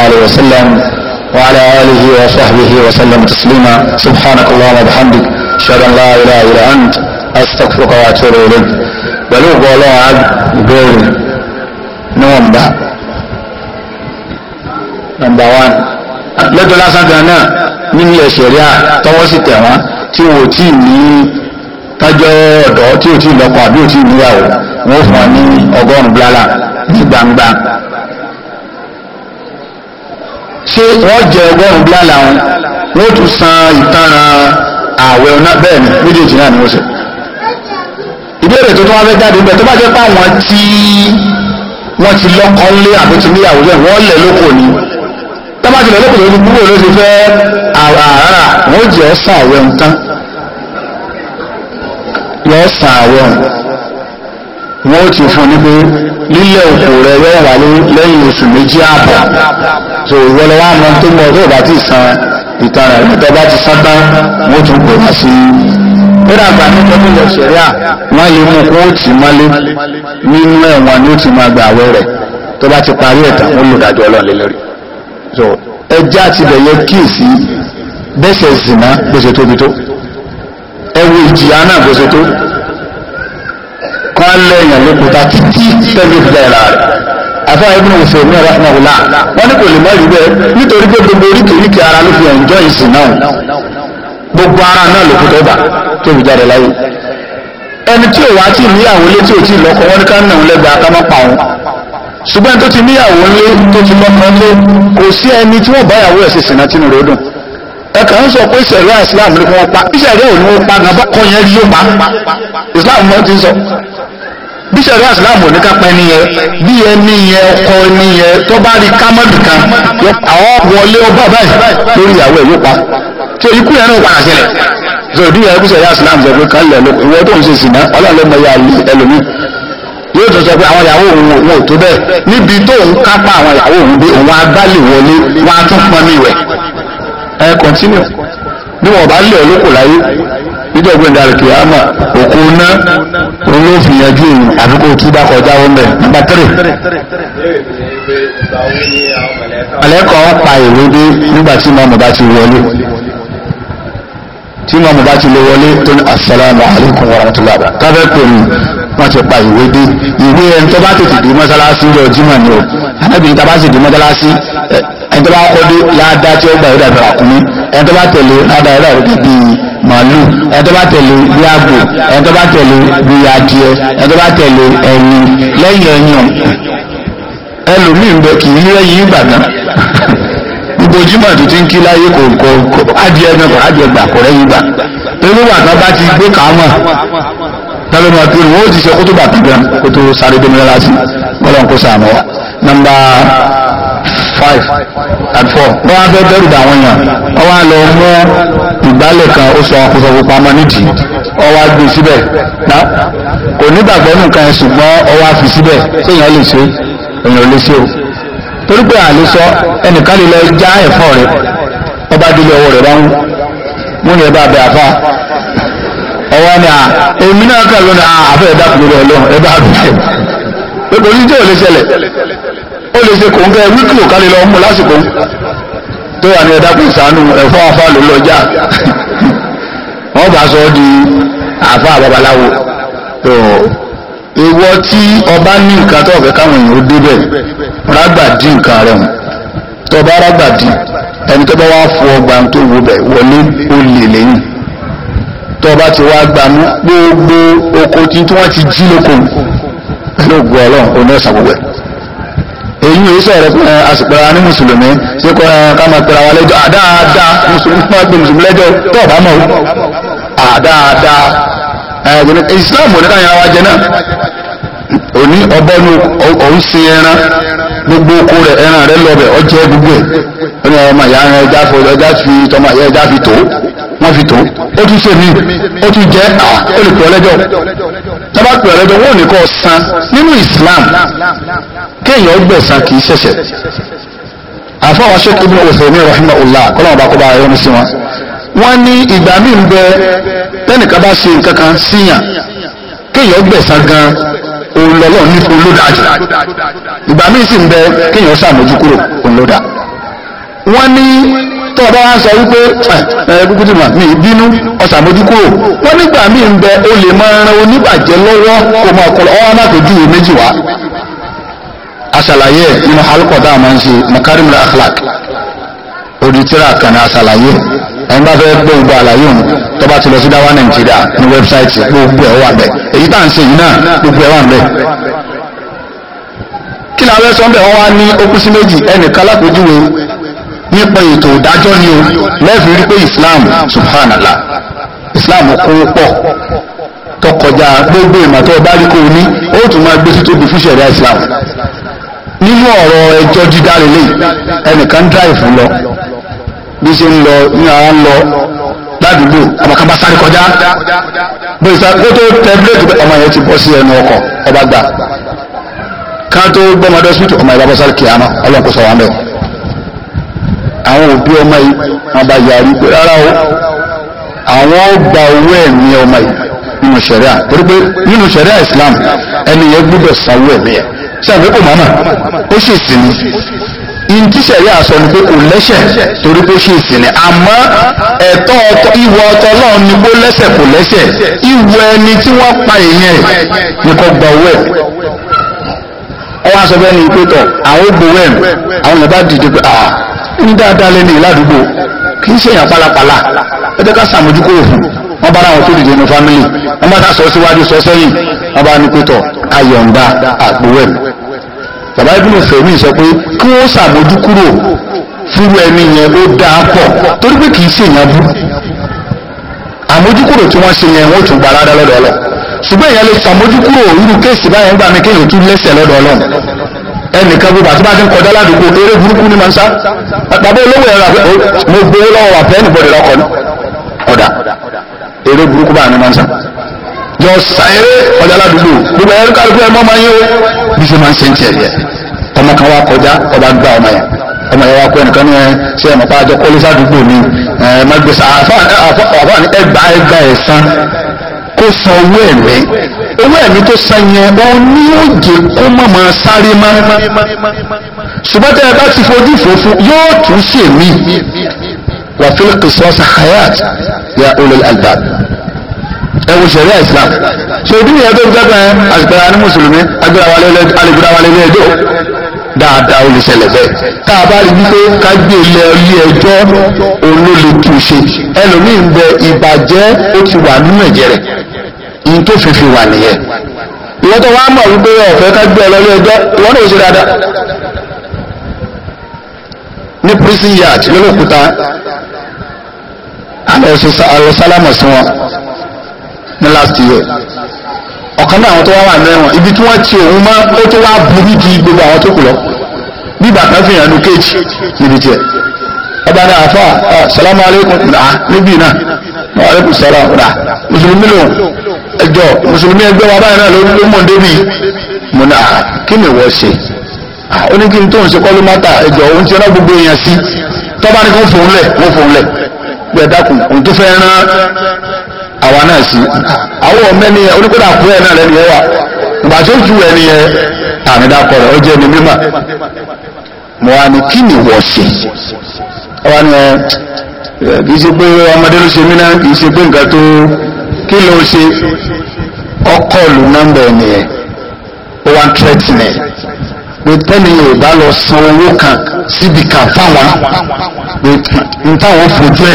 عليه وسلم وعلى آله وصحبه وسلم تسليما سبحانك اللهم وبحمدك أشهد أن لا إله إلا أنت أستغفرك وأتوب إليك بلوغ الله عبد قول نوم با نمبر وان lọ́jọ́ lásán gan náà nínú ẹ̀ṣẹ̀ríà tọwọ́ sí tẹ̀wọ́n tí wò tí ní tájọ́ ọ̀dọ́ tí ò tí lọ́kọ àbí ò tí níyàwó wọ́n fún ṣé wọ́n jẹ ọgọ́rùn-ún bí àlà wọn wọ́n tún san ìtanràn ààwẹ̀ ọ̀nà bẹ́ẹ̀ ni méjèèjì náà ni wọ́n ṣe ìbéèrè tó tó fẹ́ jáde ń bẹ tó bá jẹ́ pé àwọn tí wọ́n ti lọ́kọ́ lé àbí ti níyàwó lẹ́ wọ́n lẹ̀ lóko ni tọ́ba ti lẹ̀ lóko lórí gbúgbò ló ti fẹ́ àràrà wọ́n jẹ́ ọ̀sán àwẹ̀ ń tán lọ́sàn àwẹ̀ wọ́n ti fún ni pé lílẹ̀ òkú rẹ̀ yọ̀ wà lẹ́yìn oṣù méjì ààbọ̀ so ìwọlọ wa mọ tó mọ tó bá ti san ìtanràn rẹ tó bá ti san tán wọn tún pè wá sí i ó dàgbà ní tọ́kùnlẹ̀ sẹ̀ríà wọ́n lè mú kó mọ́lé nínú ẹ̀wọ̀n ni ó ti máa gba àwẹ̀ rẹ̀ tó bá ti parí ẹ̀tàn ó lò dájọ́ ọlọ́ọ̀lẹ́ lórí so ẹja ti bẹ̀yẹ kíyèsí bẹ́sẹ̀ zìnà bó ṣe tóbi tó ẹwọ ìjìyà náà bó ṣe tó kọ́ lẹ́yìn lókùtà títí tẹ́lifílẹ̀ àfáà ibùdó òfin mi ọ̀rọ̀ náà wùlá wọn ní kò lè mọ́ rí bẹ́ẹ̀ nítorí pé gbogbo oríkèéríkèé ara ló fi ẹ̀ǹjọ́ ìsìn náà gbogbo ara náà ló kó tó bà tó fi jáde láyé ẹni tí ò wá tí níyàwó lé tí ò tí lọ́kọ wọn ní ká nà ń lẹ́gbẹ̀ẹ́ akámọ́ pa òun ṣùgbọ́n tó ti níyàwó lé tó ti lọ́kọ lé kò sí ẹni tí wọ́n báyàwó ẹ̀ sì sìnà tínú rẹ̀ dùn ẹ kàn ń sọ pé ìṣẹ̀rí islam ní wọ́n pa ìṣẹ̀rí òní wọ́n pa gan kọ́ yẹn yóò pa islam náà ti sọ bíṣẹ̀rù àsìláàmù ní ká pẹ́ níyẹn bí ẹni yẹn ọkọ ẹni yẹn tó bá rí kámọ́dù kan àwọn wọlé ọba báyìí lórí ìyàwó ẹ̀ yóò pa tí ikú yẹn náà padà sílẹ̀ so ìdí yẹn bíṣẹ̀rù àsìláàmù sọ pé kálẹ̀ ìwọ tó ń ṣe sìnà ọlọ́ọ̀lọ́mọ ya ẹlòmíì yóò tún sọ pé àwọn ìyàwó òun wọn ò tó bẹ́ẹ̀ níbi tó ń kápá àwọn ìyàwó òun bí òun agbálẹ̀ wọlé wọn á tún pọnmi ìwẹ̀ ẹ continue bí wọn bá lé ọ lóko láyé níjọ́ gbé ìdàrí kìámà òkú ná òun ló fi yanjú ìrìn àfikò tí bá kọjá wọn bẹ̀ nígbà tẹ́rẹ̀. àlẹ́kọ̀ pa ìwé dé nígbà tí mọ́mù bá ti wọlé tí mọ́mù bá ti lè wọlé tó ní assalamu alaikum warahmatullahi káfẹ́ pè mí wọ́n ti pa ìwé dé ìwé ẹni tó bá tètè dé mọ́sálásí lọ jímọ̀ ni o. anábìrin tàbá sì di mọ́tálásí ẹni tó bá kọ́ dé ládàá tí ó gbà ìdàbí àkúnmí ẹni tó bá tẹ̀lé màálù ẹni tó bá tẹ̀lé bí àgbò ẹni tó bá tẹ̀lé bí adìẹ ẹni tó bá tẹ̀lé ẹni lẹ́yìn ẹ̀yàn ẹlòmíì ń bẹ kì í tó ti ń kí láyé kò lọ́lọ́mọ àti ìrùn ó ti ṣe kótó bàtà gan kótó sáré domina láti ọlọ́run kó sàánú wa nọmba five and four wọ́n á fẹ́ dẹ́rù bá àwọn èèyàn wọ́n wá lọ mú ìgbálẹ̀ kan ó sọ àkóso pupa mọ́ nídìí ọwọ́ á gbé síbẹ̀ ná kò nígbàgbọ́ nǹkan ẹ̀ ṣùgbọ́n ọwọ́ á fi síbẹ̀ séèyàn lè ṣe èèyàn lè ṣe o torí pé àlè sọ ẹnìkan lè lọ já ẹ̀fọ́ rẹ̀ ọba délé ọwọ́ rẹ̀ bá ń mú ní ẹ bá bẹ àfa ọwọ ni èmi náà kà lónìí àfẹ́ ẹ̀dá kúrò ọlọ́run ẹ bá bẹ̀rẹ̀ nítorí tí ò lè ṣẹlẹ̀ ó lè ṣe kò ń kẹ́ wíkìlò kálí lọ mú lásìkò tó wà ní ẹ̀dá kù sànú ẹ̀fọ́ afá ló lọ́jà bá sọ di babaláwo tó tí ọba ní nǹkan tó káwọn èèyàn ó rágbà nǹkan rágbà ẹni tó bá fọ wọlé ó lè tọba ti wá gbogbo oko tí ti jí lóko pẹ̀lú ògbó ọlọ́run oní ọ̀sán gbogbo ẹ̀ èyí sọ̀rọ̀ ní mùsùlùmí ṣé kọ́ ká máa wa lẹ́jọ́ àdáadáa mùsùlùmí máa gbé mùsùlùmí lẹ́jọ́ tó mọ̀ jẹ náà òní ní òun ẹran gbogbo oko ẹran gbogbo ọmọ ìyá ẹja fi wọ́n fi tó ó tún ṣe mí ó tún jẹ́ olùpẹ̀ ọlẹ́jọ́ tábà pẹ̀ ọlẹ́jọ́ wọ́n ní san nínú Islam kéèyàn gbẹ̀san kì í ṣẹ̀ṣẹ̀ bá bá sí wọn. ní ìgbà míì ń bẹ bá ṣe nǹkan kan síyàn kéèyàn gan òun ní olódà jù ìgbà míì sì ń bẹ kéèyàn kúrò òun tó ọba wa ń sọ wípé kúkú tí mà mí bínú ọ̀sàmójúkúrò wọ́n nígbà míì ń bẹ o lè máa ran oníbàjẹ́ lọ́wọ́ kó máa kọ́ ọ́ má kojú ìwé méjì wá. àṣàlàyé nínú alukọ̀dá máa ń ṣe makarimul kan àṣàlàyé bá gbọ́ gbogbo àlàyé òun tó bá ti lọ sí dáwà nàìjíríà ní wẹ́bsáìtì gbogbo ẹ̀ wà èyí tá à nípa ètò ìdájọ́ ni o lẹ́ẹ̀fì rí pé islam subhanallah islam kó pọ̀ tọkọjá gbogbo ìmọ̀tọ́ bá rí kó o ní ó tún máa gbé sí tóbi fún ṣẹ̀dá islam nínú ọ̀rọ̀ ẹjọ́ dídá lélẹ̀ ẹnìkan dráìfù lọ bí ṣe ń lọ ní ara ń lọ ládùúgbò ọmọkan bá sáré kọjá bóyá sáré kó tó tẹ bíléèkì ọmọ yẹn ti bọ́ sí ẹnu ọkọ̀ ọba gbà ká tó gbọmọdé ọsibítù ọmọ ìbábọ́sáré kìámà ọlọ́run kò sọ wá mẹ́wàá àwọn òbí ọmọ yìí wọ́n bá yàrí pé rárá o àwọn ó owó ẹ̀mí ọmọ yìí nínú sẹ̀ríà torí nínú sẹ̀ríà Islam ẹni yẹn gbúdọ̀ sanwó ẹ̀mí ẹ̀ sẹ́mi kò mọ̀mọ́ ó sì sinmi ìtísẹ̀ yà sọ ni pé kò lẹ́sẹ̀ torí pé ṣe ìsìn ni àmọ́ ẹ̀tọ́ ọ̀tọ̀ ìwọ ọ̀tọ̀ náà ni kó lẹ́sẹ̀ kò lẹ́sẹ̀ ìwọ ẹni tí wọ́n pa èèyàn ni kò gbà owó ẹ̀ ọ wá sọ bẹ́ẹ̀ ni ìpẹ́tọ̀ àwọn ògbówó ẹ̀ àwọn yẹn dìde pé àà ah, ní dáadáa lẹ́nu ìládùúgbò kì í ṣe èèyàn pálapàla ẹ jẹ́ ká sàmójúkúrò fún wọ́n bá ráwọn tó dìde inú fámìlì wọ́n bá sọ síwájú sọ sẹ́yìn wọ́n bá ní pétọ̀ ayọ̀ǹda àgbówẹ̀ bàbá ibùdó fẹ̀mí sọ pé kí wọ́n sàmójúkúrò fúru ẹni yẹn ló a pọ̀ torí pé kì í ṣe èèyàn bú àmójúkúrò tí wọ́n ṣe yẹn wọ́n tún gbà ládàá lọ́dọ̀ ọlọ́ ṣùgbọ́n èèyàn lè sàmójúkúrò irú kéèsì báyẹn gbà mí kéèyàn tún lẹ́sẹ̀ lọ́dọ̀ ọlọ́run ẹnìkan gbogbo àti bá ti ń kọjá ládùúgbò eré burúkú ní mansa bàbá olówó ẹ̀rọ àfẹ́ oh, mo gbé lọ́wọ́ àfẹ́ ẹnìbọ̀dì lọ́kọ̀ ní ọ̀dà eré burúkú bá ní mansa jọ sa eré kọjá ládùúgbò gbogbo ẹ̀rọ kálukú ẹ̀ mọ́ máa yé o bí ṣe máa ń ṣe ń tiẹ̀ yẹ ọmọ kan wá kọjá ọba gba ọmọ yẹn ọmọ yẹn wá kó ẹnìkan ní ẹ ṣe ẹ̀ àjọ kọ́lé sádùúgbò mi ẹ̀ àfọ kó san owó ẹ̀mí owó ẹ̀mí tó san yẹn ó ní òjè kó má máa sáré má ṣùgbọ́n tẹ́ ẹ bá ti fojú fò fún yóò tún ṣèmí wàfíìlì kìsọ́sì hayat ya ulul albab ẹwù sẹ̀rí islam ṣe ìdí nìyẹn tó ń jẹ́ bẹ́ẹ̀ àgbẹ̀rẹ̀ ní mùsùlùmí agbèrè àwọn ilé ẹjọ́ dáadáa olùṣẹlẹ̀ bẹ́ẹ̀ tá a bá rí wípé ká gbé ilẹ̀ ilé ẹjọ́ olólùtúnṣe ẹlòmíín bẹ ìbàjẹ́ ó ti wà nínú ẹ̀jẹ̀ rẹ̀ ní tó fífi wà nìyẹn ìwọ́n tó wá mọ̀ wípé ọ̀fẹ́ ká gbé ọlọ́lé ẹjọ́ ìwọ́n náà ó ṣe dáadáa ní prison yard lọ́lọ́kúta alọ́sálámọ̀ sí wọn ní last year ọ̀kan náà àwọn tó wá wà mẹ́wọ̀n ibi tí wọ́n ti òun mọ́ ó tó wá burú ju gbogbo àwọn tó kù lọ bí bàtà fi hàn ní kéèjì níbi tiẹ̀. ọba ní a ah, salamu alaikum náà níbí náà wa alaikum salam náà mùsùlùmí lò ẹjọ mùsùlùmí ẹgbẹ́ wa báyìí náà ló mọ̀ débi mo ní kí ni wọ́n ṣe ó ní kí n tó ń ṣe kọ́lé mátà ẹjọ tí ti gbogbo èèyàn sí tọ́ba fòun lẹ̀ fòun lẹ̀ òun tó fẹ́ rán àwa náà sí àwọn ọmọ ẹni yẹn oníkódà kú ẹ náà lẹ́nu yẹn ìgbà wọ́n e, ni kìí ṣe pé ọmọdé ló ṣe mínà kìí ṣe pé nǹkan tó kí ló ṣe ó wá ń tẹ́tì pé bá lọ san owó kan síbi kan fáwọn n táwọn fojú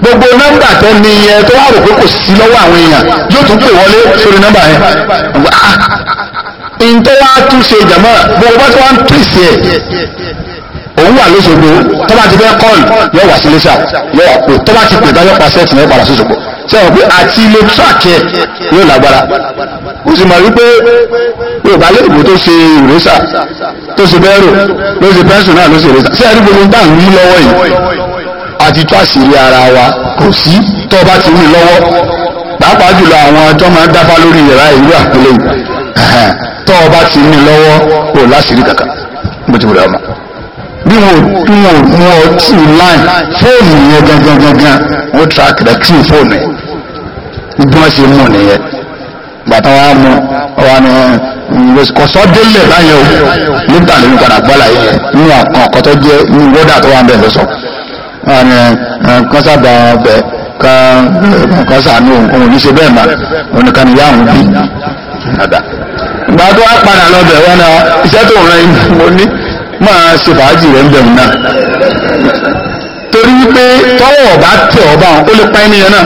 gbogbo nọmba tó ní iye tó wà rò pé kò sí lọ́wọ́ àwọn èèyàn yóò tún pè ntọ́ wa tún ṣe jàmọ́ bọ́ọ̀ bá tí wọ́n ń pèsè ẹ̀ òun wà lóṣogbo tó bá ti fẹ́ kọ́ọ̀lù yóò wà sí iléṣà yóò wà pé tó bá ti pè bá yóò pa sẹ́ẹ̀tì náà padà sóṣogbo ṣe wọ́n pé àti ilé tíráàkì ẹ̀ yóò lágbára ó sì mọ̀ wípé yorùbá lẹ́yìnbó tó ṣe ìrẹsà tó ṣe bẹ́ẹ̀rò ló ṣe pẹ́ńsù náà ló ṣe ìrẹsà ṣé ẹni gbogbo bá ń lọ́wọ́ yìí àti tó àṣírí ara wa kò sí tó bá ti mú lọ́wọ́ pàápàá jùlọ àwọn tó máa ń dáfá lórí yàrá ìlú àpẹlẹ tọ́ ọba ti ní lọ́wọ́ ò láṣìírí kankan bó ti ọmọ bí wọn ò mú ọ láì fóònù yẹn gangan gangan wọn track the true fóònù yẹn bí ṣe mú nìyẹn gbàtà nígbà padà gbọ́là yẹn nínú àkàn jẹ́ ní wọ́dà tó wà lọ́sọ̀ kan ní òun ní gbà tó wá padà lọ́bẹ̀ wọn náà iṣẹ́ tó rán ní máa ṣe fàájì rẹ̀ ń bẹ̀rù náà torí wípé tọ́wọ̀ ọ̀bá tẹ̀ ọba ó lè pa ẹni yẹn náà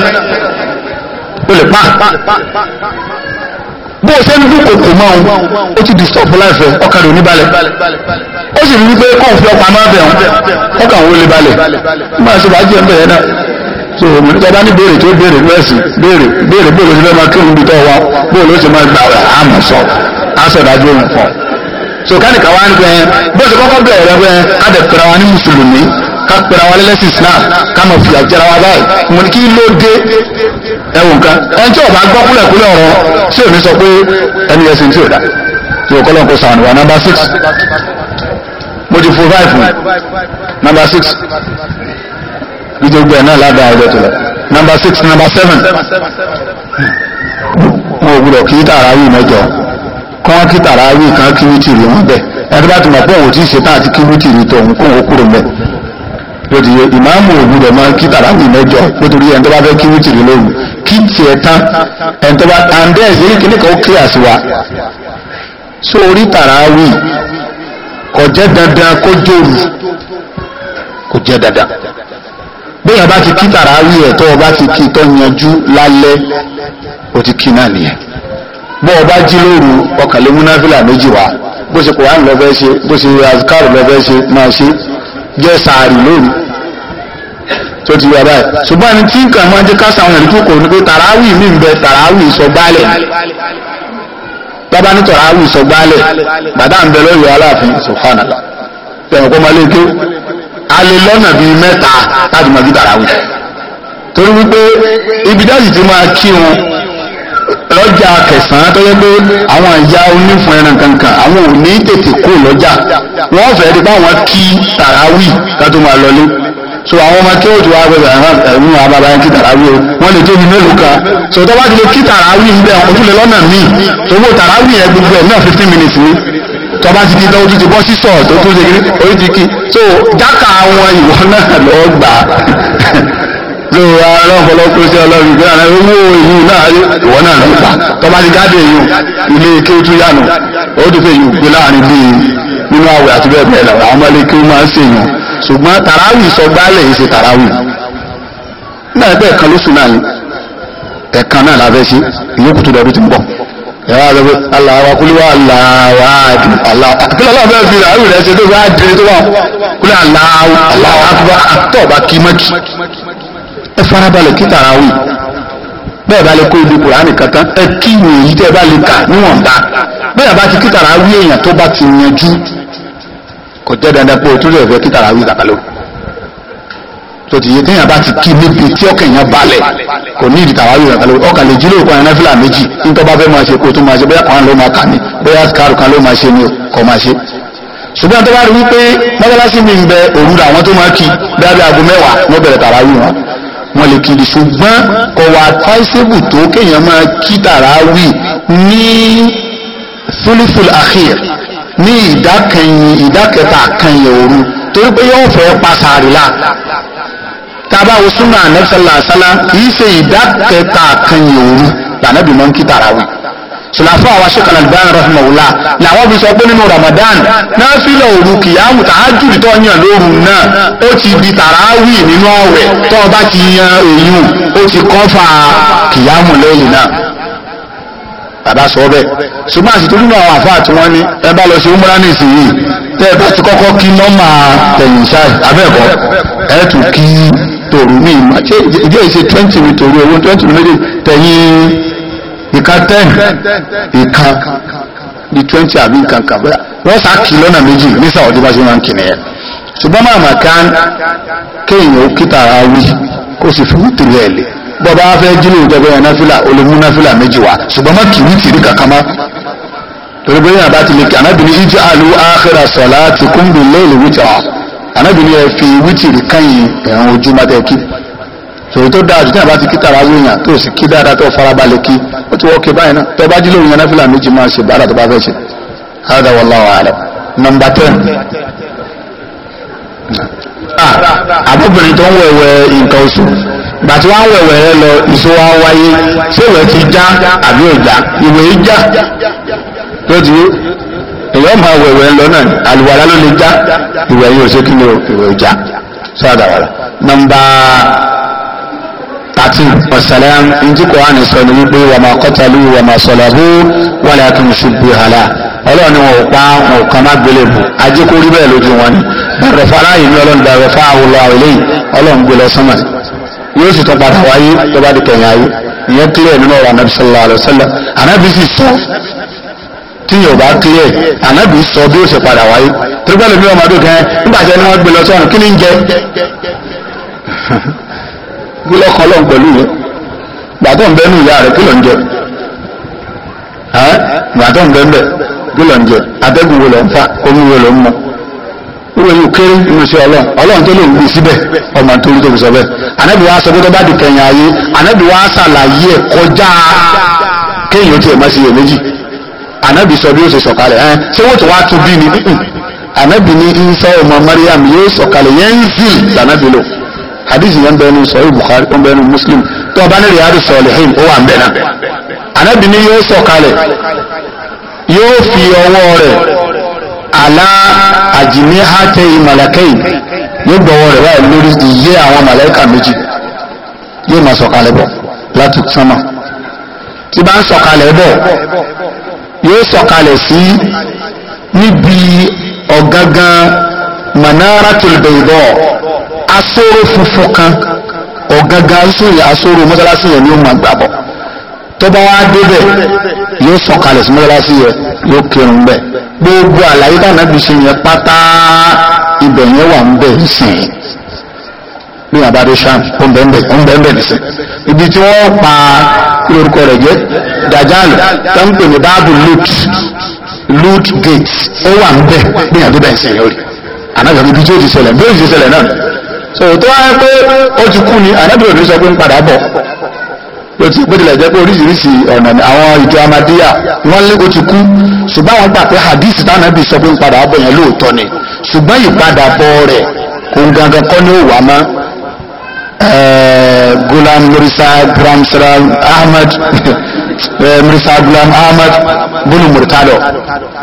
o ṣe ń dúkò kò ó ti disturb ó sì rí fi ọpa máa bẹ̀ lè balẹ̀ máa ṣe fàájì rẹ̀ ń náà ní ní béèrè tó béèrè lọ́sìn béèrè béèrè bóòlù ti fẹ́ máa tọ́ wa bóòlù ó máa gbà wà á asọ̀dájú òun fọ̀ so káníkà wá ń pẹ́ bó ṣe kọ́kọ́ bẹ̀rẹ̀ rẹ pẹ́ ká dẹ̀ pẹ̀rẹ̀ wa ní mùsùlùmí ká pẹ̀rẹ̀ wa lẹ́lẹ́sì islam ká mọ̀ fìyà jẹra wa báyìí mo ní kí ló dé ẹ̀wù nǹkan ẹni tí ọba gbọ́ kúlẹ̀kúlẹ̀ ọ̀rọ̀ tí èmi sọ pé ẹni ẹ̀sìn tí ò dá tí ò kọ́lọ́ sàánù wa number six mo ti fo five mu number six gbígbógbó ẹ̀ náà ládàá ọjọ́ tó lọ number six number seven hmm. mo gbúdọ̀ kí tààrà yìí mẹ́jọ kí wọ́n kí tàràwí kan kí wítìrì wọn bẹ̀ ẹni bá ti mọ̀ pé òun ti ṣe tá àti kí wítìrì tó òun kóun kúrò mẹ́ lódì yẹ ìmáàmù òun rẹ̀ máa ń kí tàràwí mẹ́jọ nítorí ẹni tó bá fẹ́ kí wítìrì lóru kí tiẹ̀ tán ẹni tó bá àǹdẹ́ ìṣeré kíní kan ó kí àṣìwà so orí tàràwí kò jẹ́ dandan kó jòrù kò jẹ́ dandan bóyá bá ti kí tàràwí ẹ̀ tó o bá ti kí tó yanjú lálẹ́ o ti kí náà nìyẹn bọ́ ọba jí lóru ọkàlẹ́ múnáfílà méjì wá bó ṣe lọ ṣe bó ṣe lọ ṣe máa ṣe jẹ́ sàárì lóru tó ti wà báyìí ṣùgbọ́n ní tí nǹkan máa jẹ́ káṣà àwọn kò ní pé tàràwì ń bẹ tàràwì sọ gbálẹ̀ ní tàràwì sọ gbálẹ̀ bàdá ń bẹ lọ́yọ̀ aláàfin tẹ̀wọ̀n máa lé ké alẹ́ lọ́nà bíi mẹ́ta lọ́jà kẹsàn-án tó yẹ pé àwọn ìyá onífun ẹran kankan àwọn ò ní tètè kó lọ́jà wọ́n fẹ́ẹ́ di báwọn kí tàràwì ká máa lọlé so àwọn ọmọ kéwòtò wa gbọdọ̀ ẹ̀rún àbábá yẹn kí tàràwì o wọ́n lè tóbi mélòó kan so tó ti lè kí tàràwì ń bẹ̀ lè lọ́nà míì tó tàràwì yẹn gbogbo ẹ̀ náà fifteen minutes ni tó ti di tọ́wọ́ tó ti bọ́ sí sọ̀ọ̀ tó tún ṣe kiri orí ti kí so jákà àwọn ìwọ náà lọ́ọ́ gbà ló ra uh, ọlọ́pọ̀lọ́ kó sí ọlọ́run ìgbé àná owó ìlú náà ìwọ náà ló pa tọ́ba ti jáde èèyàn ilé ike tó yànù ó ti fẹ́ yìí gbé láàrin bíi nínú àwẹ̀ àti bẹ́ẹ̀ bẹ́ẹ̀ lọ àwọn ọmọlé kí ó máa ń ṣèyàn ṣùgbọ́n tàràwì sọgbálẹ̀ yìí ṣe tàràwì náà ẹgbẹ́ ẹ̀kan ló sùn náà ni ẹ̀kan náà làbẹ́ ti ń bọ̀ ẹ̀rọ àgbẹ̀ ẹ farabalẹ̀ kí tàràwì bẹ́ẹ̀ bá lè kó ibi kùránì kankan ẹ kí ìwé èyí tẹ́ bá lè kà níwọ̀nba bẹ́ẹ̀ bá ti kí tàràwì èèyàn tó bá ti yanjú kò jẹ́ dandan pé o tún lè fẹ́ kí tàràwì kàkàlò tòtìyé téèyàn bá ti kí níbi tí ọkàn èèyàn balẹ̀ kò ní ìdí tàwárí rẹ̀ kálọ̀ ọkàn lè jílò kan ẹ̀rẹ́ fìlà méjì nítorí bá fẹ́ máa ṣe kó tó máa ṣe bóyá kan ló máa kà ní bóyá kárù kan ló máa ṣe ní kò máa ṣe. ṣùgbọ́n tó bá rí wípé mọ́tàlásí mi ń bẹ òru làwọn tó máa kí dábẹ́ aago mẹ́wàá wọ́n bẹ̀rẹ̀ tàwárí wọn wọ́n lè kiri ṣùgbọ́n kò wá advisable tó kéèyàn máa kí tàràwì ní fúlífúl àkìr ní ìdákẹyìn ìdákẹta àkànyìn òru torí pé yóò fẹ́ pàṣàrì la tábà wo súnmọ́ ànẹ́sàlá àṣálá kì í ṣe ìdákẹta àkànyìn òru lànàbì ń kí tàràwì sùlàfọ́ àwọn aṣọ́kan Albani rahimahullah làwọn bí sọ pé nínú Ramadan náà fílẹ̀ òru kìyàmù tààjù tó yàn lóru náà ó ti di tàràwì nínú ọ̀wẹ̀ tó bá ti yan èyún ó ti kọ́fà kìyàmù lẹ́yìn náà bàbá sọ bẹ́ẹ̀ ṣùgbọ́n àti torí àwọn àfáà tí wọ́n ní ẹ bá lọ sí umra ní ìsinyìí tẹ́ ẹ bá ti kọ́kọ́ kí nọ́mà tẹ̀yìn ṣáì abẹ́ẹ̀kọ́ ẹ tún kí tòrú ní ìmọ̀ ṣé ìdí twenty mi tòrú twenty mi méjì tẹ̀yìn ìka ten ìka di twenty àbí nǹkan kan bẹ́ẹ̀ wọ́n sá kì lọ́nà méjì ní sàwọ́dí bá ṣe máa ń kì nìyẹn ṣùgbọ́n máa mà ká kéèyàn ó kí tàrà wí kó sì fi wítìrì ẹ̀ lé bọ́ bá fẹ́ jílé ìjọba ẹ̀ náfìlà ó lè mú náfìlà méjì wá ṣùgbọ́n má kì wítìrì kankan má torí bóyá bá ti lè kí anábìnrin ìjọ àlù áhẹ́rà sọ̀lá ti kúndùn lẹ́ẹ̀lì wítìrì anábìnrin ẹ̀ fi wítìrì káyìn ẹ̀rùn ojú má tẹ́ kí èyí tó dáa jù tí àbá ti kí tara wí yàn tó sì kí dáadáa tó farabalẹ̀ kí ó ti wọ́ọ̀kì báyìí náà tẹ́ bá jí yẹn máa ṣe bàdà tó bá fẹ́ ṣe hádà wallahu a'lam. nọmba ten àbúbìnrin tó ń wẹ̀wẹ̀ nǹkan oṣù bàtí wọ́n á wẹ̀wẹ̀ rẹ lọ ìṣó wa wáyé ṣé ti já àbí ìjà máa salawaatin wasalaam njí kòránì sọ ní wípé wà máa kọ́tàlú wà máa sọ̀làbú wà láàkín ṣubú hàlà ọlọ́run ni wọn ò pa wọn ò kàn má gbélé bù ajé kó rí bẹ́ẹ̀ lójú wọn ni bàrẹ̀fà aláyè ní ọlọ́run bàrẹ̀fà àwòlọ àwòlẹ́ yìí ọlọ́run gbé lọ sọ́mà yóò sì tọ́ padà wáyé tó bá di kẹ̀yìn ayé ìyẹn kílẹ̀ nínú ọ̀rọ̀ anábì sallallahu alaihi wasallam anábì padà wáyé torí pẹ́ẹ́lú mi ọmọdé kan nígbà tí ẹni wọn gbé lọ sọ́run kí ni ń jẹ kí lọ́kàn ọlọ́run pẹ̀lú yẹn gbàtọ́ ń bẹ́nu ìyá rẹ̀ kí ló ń jẹ gbàtọ́ ń bẹ́ńbẹ́ kí ló ń jẹ atẹ́gùn wo ló ń fa omi wo ló ń mu wúwo yóò kéré nínú iṣẹ́ ọlọ́run ọlọ́run tó lè gbé síbẹ̀ ọmọ tó rí tó sọ bẹ́ẹ̀ ànábì wa sọ pé tó di kẹyìn ayé ànábì wa ṣàlàyé ẹ̀ kọjá kéèyàn tiẹ̀ má sí iye méjì ànábì sọ bí ó ṣe sọ̀kalẹ̀ ẹ̀ ṣé wọ́n ti wá tún bí ni ànábì ní Isa ọmọ Mariam yóò sọ̀kalẹ̀ yẹn ń zì lànàbì lò hadith yẹn bẹ́ẹ̀ ni sọ̀rọ̀ Bukhari ó bẹ́ẹ̀ ni Muslim tó bá ní riyadu sọ̀lẹ̀hìn ó wà ń bẹ̀ náà anabi ni yóò sọ̀kalẹ̀ yóò fi ọwọ́ rẹ̀ alá àjìníhàtẹ́ ìmàlàkẹ́yìn yóò gbọ́wọ́ rẹ̀ wáyé lórí iye àwọn màlàíkà méjì yóò máa sọ̀kalẹ̀ bọ̀ láti sánmà tí bá ń sọ̀kalẹ̀ bọ̀ yóò sọ̀kalẹ̀ sí níbi ọ̀gángan manaratul bayda asóró funfun kan ọ̀gángan asóró asóró mọ́sálásí yẹn ni ó máa gbà bọ̀ tó bá wá débẹ̀ yóò sọ̀kalẹ̀ sí mọ́sálásí yẹn yóò kírun bẹ́ẹ̀ gbogbo àlàyé dáná bí ṣe yẹn pátá ibẹ̀ yẹn wà ń bẹ̀ bí abadé sham ó ń bẹ́ẹ̀ ń ibi tí wọ́n pa lórúkọ rẹ̀ jẹ́ dajali tó ń pè ní báàbù lut lut gate ó wà ń bẹ̀ bí abadé bẹ́ẹ̀ sìn yóò ànábì ibi tí ó ti ṣẹlẹ̀ bí ó ti ṣẹlẹ̀ náà so tó wáyé pé ó ti kú ni ànábì òní sọ pé ń padà bọ̀ bó tilẹ̀ jẹ́ pé oríṣiríṣi ọ̀nà ni àwọn ìjọ amadíyà wọ́n lé ó ti kú ṣùgbọ́n àwọn gbà pé hadith tánàbì sọ pé ń padà bọ̀ yẹn lóòótọ́ ni ṣùgbọ́n ìpadàbọ̀ rẹ̀ òun gangan kọ́ ni ó wà mọ́ eh, Gulam Mirza Gramsara Ahmad Eh, Mirisa Gulam Ahmad bùnú murtado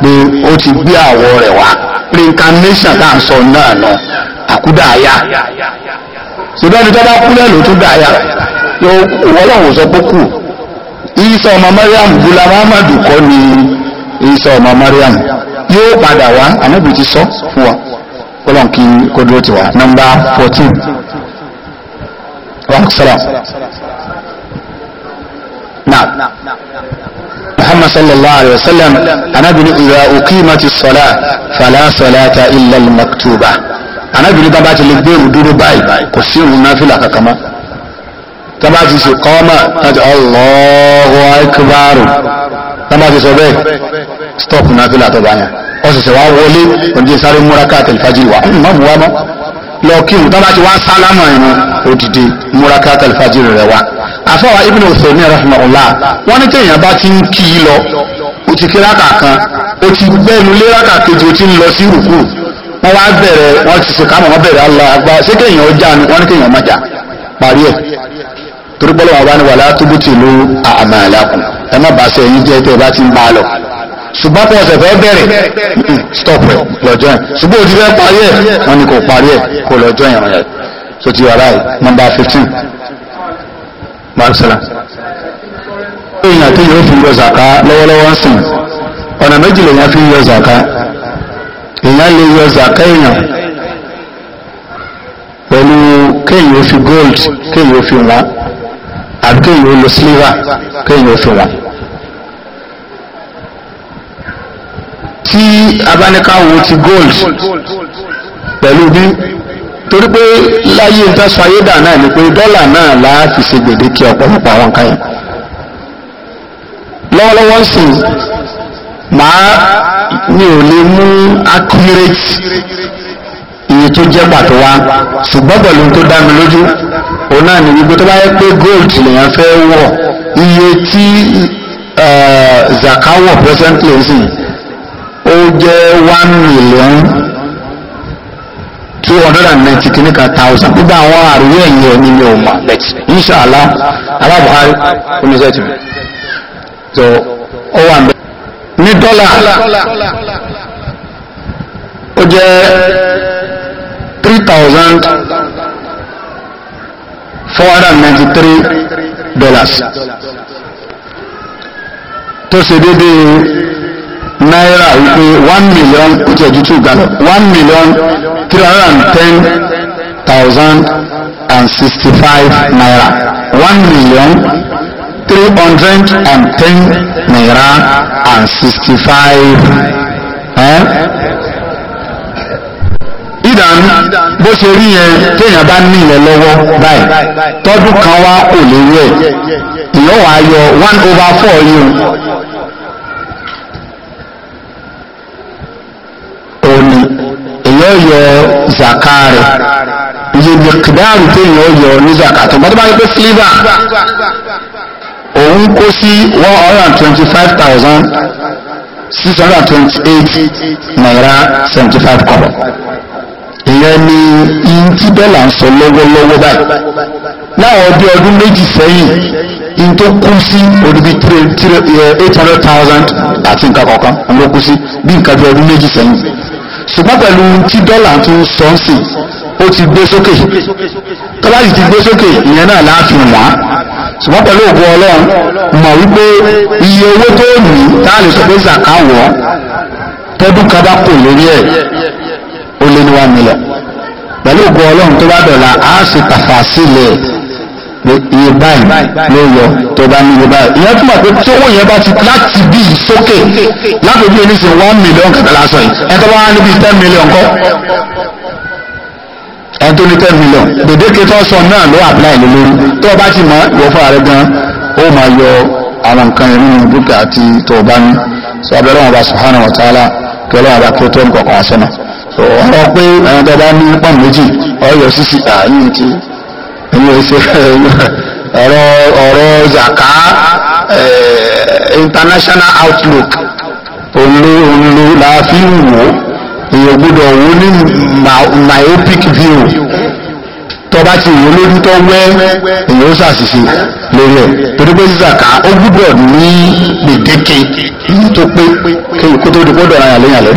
pé ó ti gbé àwọ̀ rẹ̀ wá reincarnation tá à ń sọ náà nà àkúdàáyà ṣùgbọ́n ní tọ́ba kúlẹ̀ ló tún dàáyà yóò wọ́lọ́wọ́ sọ pé kù Isa ọmọ Mariam Gulam Ahmad kọ́ ni Isa ọmọ Mariam yóò padà wá ànábì ti sọ fún wa ọlọ́run kí kó dúró tiwa nọmba fourteen wa salam náà muhammad sallallahu alaihi wasallam anabini ìyá uqimati sọlá fala salata illa al-maktuba anabini bàbá ti lè gbèrú dúró báyìí kò sí òun náà fìlà kankan mọ́ tọ́ba ti sè kọ́mà láti Allahu akbar tọ́ba ti sọ bẹ́ẹ̀ stop náà fìlà tọ́ba yẹn ọ̀sẹ̀ sẹ̀ wá wọlé òun jẹ́ sáré múra káàtẹ̀ fàjì wà mọ́ mọ́ mọ́ lọ kírun tó bá ti wá sálámà ẹ̀rọ òdìdí múraká kàlífàjìrì rẹ̀ wá àfọwà ibn Uthaymin rahimahullah wọ́n ní téèyàn bá ti ń kí i lọ ó ti kí rákà kan ó ti gbẹ́nu lé rákà kejì ó ti ń lọ sí rùkú wọ́n wá bẹ̀rẹ̀ wọ́n ti sèkà mọ̀ wọ́n bẹ̀rẹ̀ Allah akbar ṣé kéèyàn ó ni wọ́n ní kéèyàn má já parí ẹ̀ torí pọ́lọ́wọ́ wa ni wàlá tóbi tìlú àmàlà kù ẹ má bàa sẹ́yìn jẹ́ tẹ́ ẹ bá ti ń bá a lọ ṣùgbọ́n kò ọ̀sẹ̀ fẹ́ bẹ̀rẹ̀ stop rẹ̀ lọ́jọ́ yẹn ṣùgbọ́n òtí fẹ́ parí ẹ̀ wọ́n ní kò parí ẹ̀ kò lọ́jọ́ yẹn rẹ̀ tó ti wà láì nọ́mbà fifteen marisala. èèyàn tó yóò fi yọ zàká lọ́wọ́lọ́wọ́ ń sìn ọ̀nà méjì lèèyàn fi yọ zàká èèyàn lè yọ zàká èèyàn pẹ̀lú kéèyàn fi gold kéèyàn fi wọ́n àbí kéèyàn lo silver kéèyàn fi wọ́n. tí abánikawo ti gold pẹ̀lú bí torí pé láyé ń tẹ́sọ ayédà náà ni pé dọ́là náà láà fi ṣe gbèdéke ọ̀pọ̀lọpọ̀ àwọn kan yẹn lọ́wọ́lọ́wọ́ sì máa mi ò lè mú accurate iye tó jẹ́ pàtó wá ṣùgbọ́n pẹ̀lú tó dá mi lójú òun náà ni wípé tó bá yẹ pé gold lèèyàn fẹ́ wọ̀ iye tí eh, zakawọ̀ presently ń sìn jẹ́ one million two hundred and ninety kìíní thousand gbogbo àwọn àrùwé ẹ̀yìn ẹ̀mí ni òun inṣàlá alábùhárí oníṣẹ́tì so ó wà ní. ní dọ́là ó jẹ́ three thousand four hundred and ninety three dollars tó ṣe déédéé náírà wípé one million ó ti two gan one million three hundred and ten thousand and sixty five naira one million three hundred and ten naira and sixty five. ìdán bó ṣe rí yẹn téèyàn bá ní ilẹ̀ lọ́wọ́ báyìí tọ́dún kan wá kò lè rí ẹ̀ ìyọ́wọ́ ayọ̀ one over four yìí yọ zaka rẹ̀ iye mẹ̀kìdáàrù téèyàn ó yọ ní zaka tó bá tó bá yẹ pé silver òun kó sí one hundred and twenty five thousand six hundred and twenty eight naira seventy five kọ́bọ̀ ìyẹn ni ntí dọ́là ń sọ lọ́wọ́lọ́wọ́ báyìí láwọn ọbí ọdún méjì sẹ́yìn n tó kú sí olùbí eh, eight hundred thousand àti nǹkan kọ̀ọ̀kan ló kú sí bí nǹkan bí ọdún méjì sẹ́yìn ṣùgbọ́n pẹ̀lú tí dọ́là tó ń sọ sí ó ti gbé sókè tọ́lá yìí ti gbé sókè ìyẹn náà láàfin wá ṣùgbọ́n pẹ̀lú ògo ọlọ́run mọ̀ wípé iye owó tó ní tá a lè sọ pé zaka wọ̀ tọ́dún kan bá kò lórí ẹ̀ ó lé ní one pẹ̀lú ògo ọlọ́run tó bá dọ̀la á ṣe tàfà sílẹ̀ iye báyìí ló yọ tó bá ní iye báyìí ìyẹn túmọ̀ pé tí owó yẹn bá ti láti bí i sókè lábẹ́bí oníṣe one million kàtà lásán yìí ẹ̀ tó bá wá níbi ten million kọ́ ẹ̀ tó ní ten million gbèdéke tó sọ náà ló apply lé lórí tó o bá ti mọ̀ ìwọ fún ààrẹ gan ó máa yọ àwọn nǹkan yẹn nínú dúkìá àti tó o bá ní sọ abẹ́rẹ́ wọn bá subhanahu wa ta'ala kí ọlọ́run bá kó tó nǹkan kan àṣẹ náà sọ ọ̀rọ̀ pé àwọn tó bá ní pọ́n méjì ọ̀yọ́ ẹ̀mí ẹ̀sẹ̀ ọ̀rọ̀ ọ̀rọ̀ zaka international outlook òǹlò òǹlò làáfi wò èèyàn gbọ́dọ̀ wò ní myopic view tọba ti wò lójú tó wẹ́ èèyàn ó ṣàṣìṣe lórí ẹ̀ torí pé zaka ó gbọ́dọ̀ ní gbèdéke èyí tó pé kéèyàn kó tó di gbọ́dọ̀ ara yà lóyún àlọ́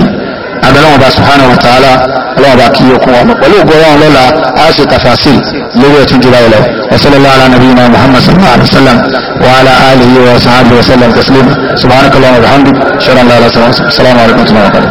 abẹ́lẹ́wọ̀n bá subhanahu wa ta'ala ọlọ́wọ̀n bá kí okun wa pẹ̀lú ògbọ́rọ̀ lọ́la a ṣe tafasil lórí ẹ̀tún jùlọ ìlọ wasallallahu ala nabiyyina muhammad sallallahu alaihi wasallam wa ala alihi wa sahbihi wa sallam taslima subhanaka allahumma wa bihamdik shukran la ilaha illa anta astaghfiruka wa atubu ilayk